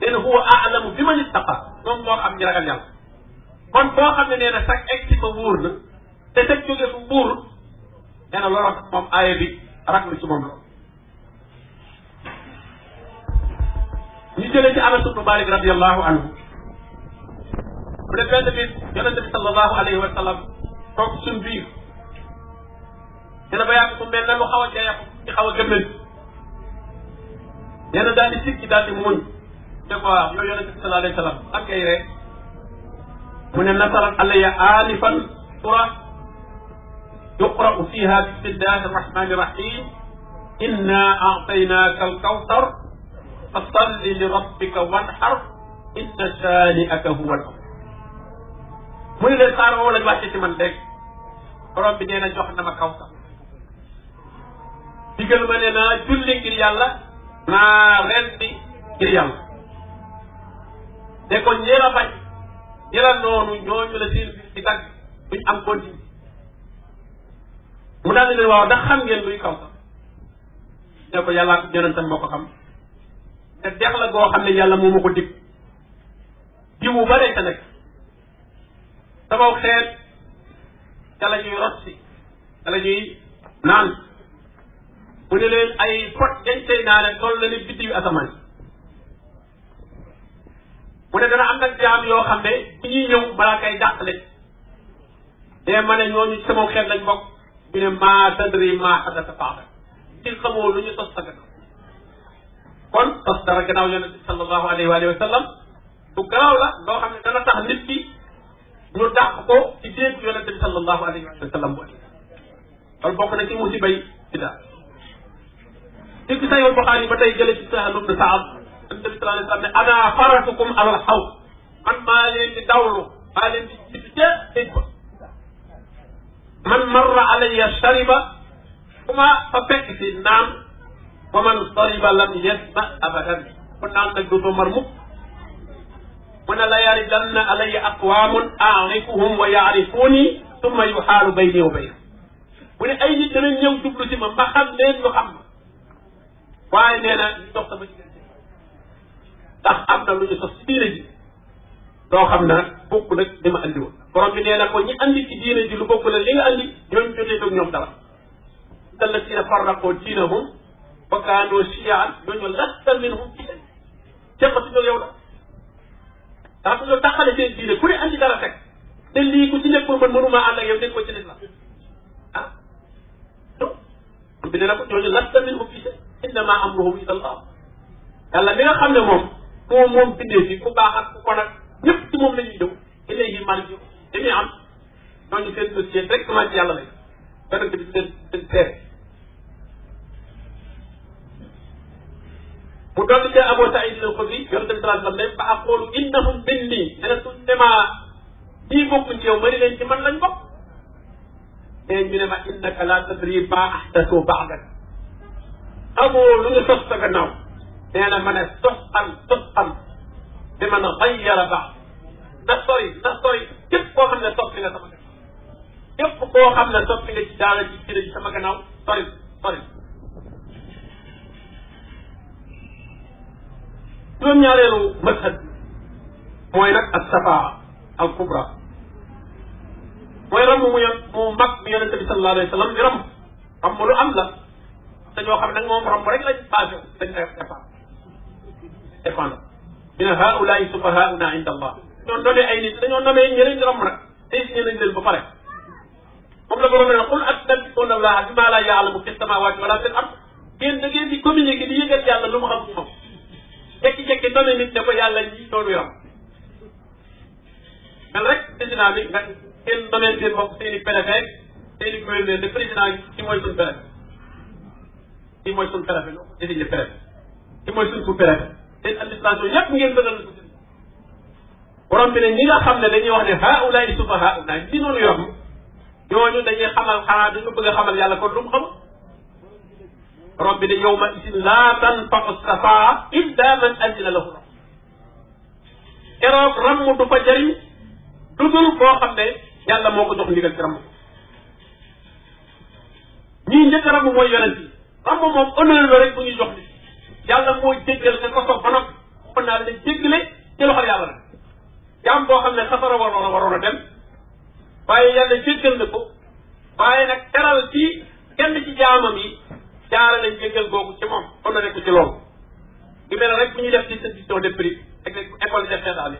nee na huwa aalamu bi man ittaqa moom moo xam ñi ragal yàlla kon boo xam ne nee na sax egg ci ma wóor na te teg jóge fu wóor nee na looloo tax moom aaya bi raglu ci moom loolu ñu jëlee ci Anas ibnu Malik radiyallahu anhu mu ne benn bis yonente bi sallallahu alayhi wa sallam toog suñ biir dina ba yàgg su mel ne lu xaw a jeex ci xaw a gëmmen nee na daal di sikki daal di muñ ne ko waaw yow yonente bi sallallahu alayhi wa sallam ak kay rek mu ne nasarat alayya alifan sura yuqra'u fiha bismillahi arrahmani irrahim inna a'taynaka alkawsar fa salli li rabbika wanhar inna shani'aka huwa al mu ne leen xaar woo lañ wàcce ci man léegi borom bi nee na jox na ma kaw sax digal ma ne naa julli ngir yàlla naa ren bi ngir yàlla ne ko ñi la bañ noonu ñooñu la seen bis di tàgg duñ am continue mu daal di leen waaw ndax xam ngeen luy kaw sax ne ko yàllaa ko yonentam moo ko xam te dex la goo xam ne yàlla moo ma ko dig jiwu bare sa nekk sama xeet ca la ñuy rotti ca la ñuy naan mu ne leen ay pot dañ tey naane toll na ni biddiw ataman mu ne dana am nag jaam yoo xam ne bu ñuy ñëw balaa kay dàqale te ma ne ñooñu sama xeet lañ bokk ñu ne maa tadri maa xadasa faata ci xamoo lu ñu tos sa gannaaw kon tos dara gannaaw yonent bi sallallahu alayhi wa sallam bu garaaw la loo xam ne dana tax nit ñu dàq ko ci dégg yonente bi sallallahu alayhi wa sallam bu loolu bokk na ci musiba yi bida ci ki sayul Buxaari ba tey jële ci Sahl ibn Sa'd yonente bi sallallahu alayhi wa sallam ne ana faratukum alal xaw man maa leen di dawlu maa leen di jiitu ca dégg ba man marra alayya shariba ku ma fa fekk si naan wa man shariba lam yasma abadan ku naan nag dootoo mar mukk mu ne la yaridanna alayya aqwamun arifuhum wa yarifuni summa yuxaalu bayni wa bayna mu ne ay nit danañ ñëw jublu ci ma ma xam leen ñu xam waaye nee na ñu dox sama diggante ndax am na lu ñu sos ci diine ji loo xam ne nag bokk nag li ma andi woon borom bi nee na ko ñi andi ci diine ji lu bokk la li nga andi ñooñu jotee toog ñoom dara allaziina farraqoo diinahum wa kaanoo shiya'an ñooñu lasta minhum ci teqatuñu yow la daa ko ñu taxale seen diine ku ne andi dara teg te lii ku ci nekkul man mënumaa ànd ak yow nekkoo ci lislaam ah bi ne na o ñooñu lasta minhum fi shay innama amruhum ila allah yàlla mi nga xam ne moom moom moom bindee fi ku baax ak ku kon ak ñëpp ci moom la ñuy jëm ilayhi marji'uhum jamii'an ñooñu seen dossier directement ci yàlla lay yonent bi seen seen seere mu dolli see Abu Saïd al-Xudri yonente bi sallallahu alayhi wa sallam ne fa aqulu innahum minni ne suñ demaa bii bokkuñ ci yow ma ni leen ci man lañ bokk te ñu ne ma innaka la tadri ma ahdathu ba'dak amoo lu ñu sos sa gannaaw nee na ma ne sos an sos an bi man xayyara baax na sori na sori képp koo xam ne soppi nga sama gannaaw képp koo xam ne soppi nga ci daala ci ci sama gannaaw sori sori juróom-ñaareelu mazhab mooy nag ak safaa al kubra mooy ramb mu yem mu mag bi yonente bi sallallahu alayhi wa sallam di ramb ramb lu am la te ñoo xam ne nag moom ramb rek lañ passé dañ koy defar défendre ñu ne haulaay sufahauna inda allah ñoo nomee ay nit dañoo nomee ñeneen ramb nag te signé nañ leen ba pare moom la borom ne qul astabbiuuna allaha bima la yaalamu fi samawati wala fil ard yéen da ngeen di communiquer di yëgal yàlla lu mu xam moom jékki-jékki dana nit dafa yàlla ji toolu yoon man rek président bi nga seen domaine seen bopp seen i préfet seen i gouverneur de président bi ci mooy suñu préfet ci mooy suñu préfet no désigné préfet ci mooy suñu sous-préfet seen administration ñëpp ngeen bëggal ko borom bi ne ñi nga xam ne dañuy wax ne haulaay sufahaa ndax ñi noonu yor ñooñu dañuy xamal xanaa dañu bëgg a xamal yàlla kon lu mu xamul rabbi ne yawma idin laa tanfau safaa illa man azina lahu rabbi keroog ramm du fa jëriñ lu dul koo xam ne yàlla moo ko jox ndigal ci ramm ñii njëkk ramm mooy yonent yi ramm moom honneur la rek bu ñuy jox ni yàlla moo jéggal nga ko soog ba noppi mën naa la jéggale ci loxol rek jaam xam ne safara waroon a dem waaye yàlla jéggal na ko waaye nag teral ci kenn ci jaamam yi jaarale jéggal googu ci moom kon na nekk ci loolu du mel rek bu ñuy def ci décision de prix ak école de xeetal yi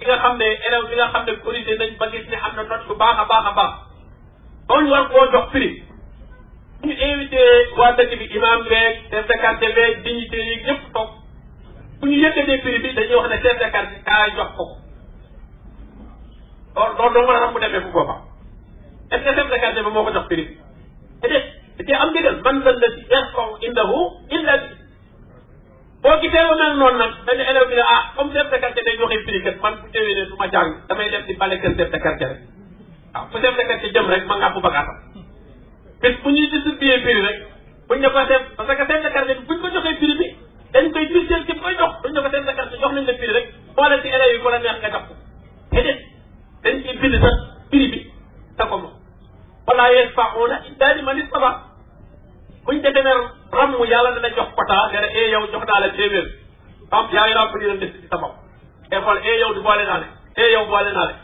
ki nga xam ne élève bi na xam ne corrigé nañ ba gis ne am na note bu baax a baax a baax loolu war koo jox prix ñu invité waa dëkk bi imam beeg chef de quartier beeg dignité yi ñëpp toog bu ñu yëkkatee prix bi dañuy wax ne chef de quartier kaay jox ko ko loolu doo mën a xam mu demee bu boobaa est ce que chef de quartier bi moo ko jox prix bi déedéet da cee am ndigal man la la yarfau indahu boo gisee lu mel noonu nag benn élève bi ne ah comme chef de quartier day joxe prix kat man bu déwee ne du ma jàng damay dem di bale kër chef de quartier rek waaw fu chef de quartier jëm rek ma nga bu bagaatam bis bu ñuy distribuer prix rek buñ ne ko chef parce que chef de quartier bi buñ ko joxee dañ koy firndeel ci ne ko chef de quartier jox nañ la prix rek boole ci élèves yi ko la neex nga jox ko te dañ ciy bind sax prix bi te ko moom wala yanfa'una illa liman ittaba buñ ca demee ràmm yàlla dana jox quota nga ne eh yow jox naa la téeméer am yaa ngi laa ko doon def ci sa bopp. te xool eh yow di boole naa le eh yow boole naa le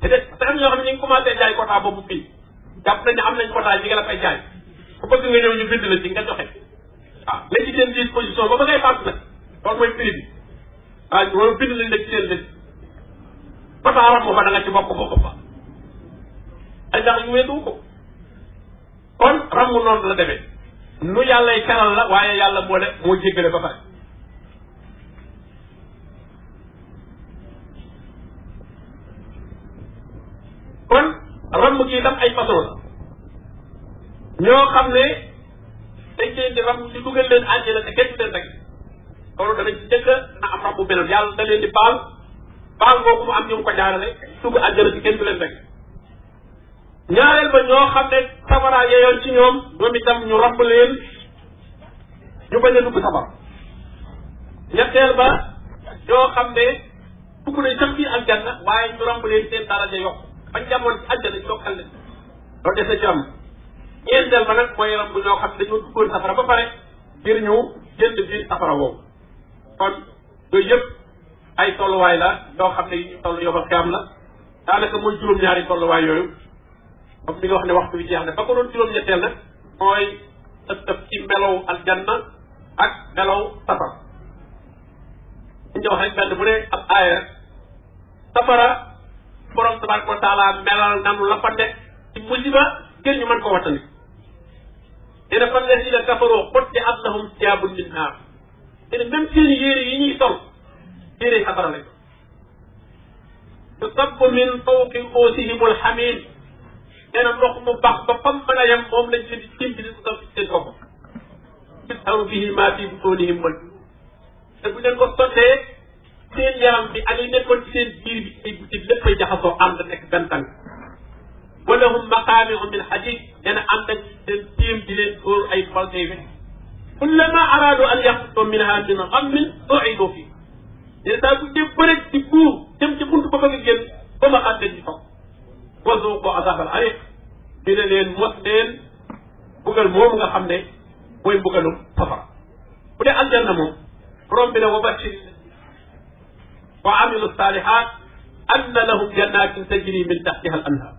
te de te am ñoo xam ne ñu ngi commencé jaay quota boobu fii jàpp nañ ne am nañ quota ñi nga la fay jaay ku bëgg nga ñëw ñu bind la ci nga joxe waaw léegi seen disposition ba ba ngay fàtt nag loolu mooy prix bi waaw ah, loolu bind lañ la ci seen dëkk quota ràmm fa da nga ci bokk bokk fa. ay ndax yu weddu ko kon xam nga noonu la demee nu yàllay teral la waaye yàlla moo de moo jéggale ba pare kon ramb gi itam ay façon la ñoo xam ne dañ leen di ramb di dugal leen àjjana te kenn leen rek loolu danañ ci jëkk na am rambu beneen yàlla da leen di baal baal boobu mu am ñu ko jaarale dugg àjjana ci kenn leen rek ñaareel ba ñoo xam ne safara yeyoon ci ñoom ñoom itam ñu romb leen ñu bañ a dugg safara ñetteel ba ñoo xam ne dugg nañ sax ci aljanna waaye ñu romb leen seen daraja yokk bañ jamoon ci aljanna ñu yokkal leen na ci am ñeenteel ba nag mooy romb ñoo xam ne dañoo duggoon safara ba pare ngir ñu jënd biir safara woowu kon yooyu yëpp ay tolluwaay la ñoo xam ne yi ñu toll yobal xiyam la daanaka mooy juróom-ñaari tolluwaay yooyu moom mi nga wax ne waxtu bi jeex na ba ko doon juróom-ñetteel nag mooy ëpp ci melaw aljanna ak melaw safar dañ wax rek benn bu ne ab aaya safara wa taala melal nanu la fa nekk ci musiba gën ñu mën ko wattandi nee fan la si la kafaroo xotti allahum siyaabun min naar nee na même seen yére yi ñuy sol yére yi safara lañ ko tusabbu min nee na ndox mu baax ba fam mën a yem moom lañ leen di dimbi di ko def seen bopp aru bihi maa fi butoonihim mën te bu leen ko sottee seen yaram bi ak li nekkoon ci seen biir bi ay butit léppay jaxasoo ànd nekk benn tànk wa lahum maqaami'u min hadiid nee na am nañ seen tiim di leen dóor ay baltey fe kullama araadu an yaxruju minha min ghammin u'iidu fii nee saa bu dee bëre di buur jëm ci buntu ba bëgg a génn ba ma xam leen ñu fam wazuqu azabal ariq dina leen mos leen mbugal moomu nga xam ne mooy mbugalum safara bu dee aljanna moom borom bi ne wa bashir wa amilu salihat anna lahum jannatin tajri min tahtiha al anhar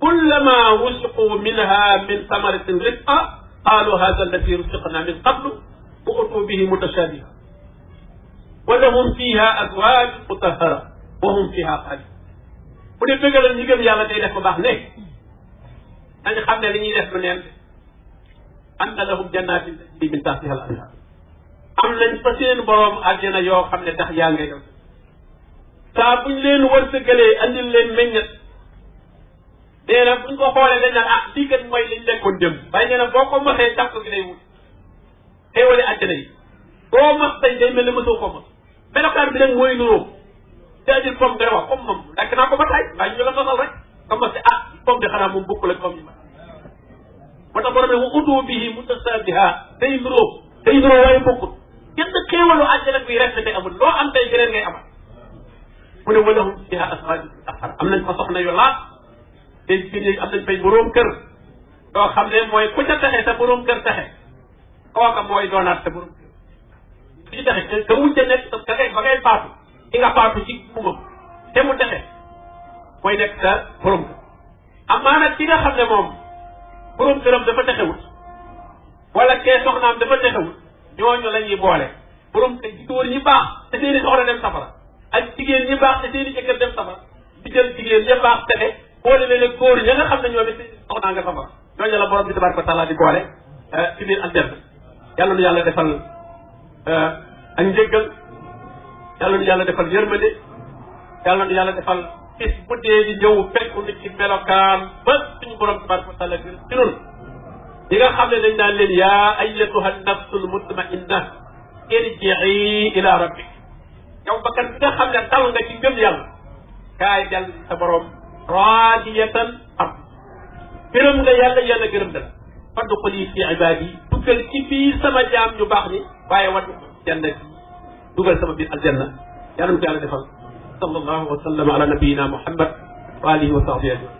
kullama rusiqu minha min samaratin risqa qalu hadha allati rusiqna min qablu wa utu bihi mutashabiha wa lahum fiha azwaj mutahhara wa hum fiha xaalid bu dee dëggalal ñi gëm yàlla tey def ko baax ne dañ xam ne li ñuy def lu neen am na lahum jannatin tajri min tahtiha al anhar am nañ fa seen boroom àjjana yoo xam ne tax yaa ngay saa buñ leen wërsëgalee andil leen meññat nee na buñ ko xoolee dañ naan ah lii kat mooy liñ lekkoon dem waaye nee na boo ko mosee tax gi day wut le àjjana yi boo mos tey day mel ne mosoo ko mos melokaan bi nag mooy nuroo déedéet pomme day wax comme moom lekk naa ko ba tey waaye ñu la rek xam nga si ah pomme de xanaa moom bokkul ak ma moo tax borom ne wa udu bihi mutasabiha day nuroo day nuroo waaye bokkut genn xéewalu àjjana bi rek la day loo am tey beneen ngay amal mu ne wala fiha aswaajun mutahhara am nañ na soxna yu laat te fii am nañ fay borom kër yoo xam ne mooy ku ca taxe sa borom kër taxe kooka mooy doonaat sa borom kër ku ci taxe te te a ca nekk sa ka ngay ba ngay faatu ki nga faatu ci kubam te mu texe mooy nekk sa borom kër am naa nag ki nga xam ne moom borom këram dafa texewut wala kee soxnaam dafa texewut ñooñu la ñuy boole borom kër góor ñi baax te seeni soxna dem safara ak jigéen ñi baax te seeni jëkkër dem safara di jël jigéen ña baax texe boole leen ak góor ña nga xam ne ñoom it soxnaa nga safara ñooñu la borom bi tabaraka wa di boole eh, ci biir aljanna yàlla nu yàlla defal eh, ak njëggal yàlla nu yàlla defal yërmande yàlla nu yàlla defal bis bu dee di ñëw fekku nit ci melokaan ba suñu borom tabaraka wa taala ci nun ñi nga xam ne dañ naan leen yaa ayyatuha nafsul mutmainna irjii ila rabbik yow bakkan bi nga xam ne dal nga ci ngëm yàlla kaay dal sa borom raadiyatan ab gërëm nga yàlla yàlla gërëm dal fadxuli fi ibaadi duggal ci fii sama jaam ñu baax ni waaye waddu jannati dugal sama biir aljanna yàlla na ko yàlla defal sallallahu wa sallam ala nabiyina muhammad wa alihi wa sahbihi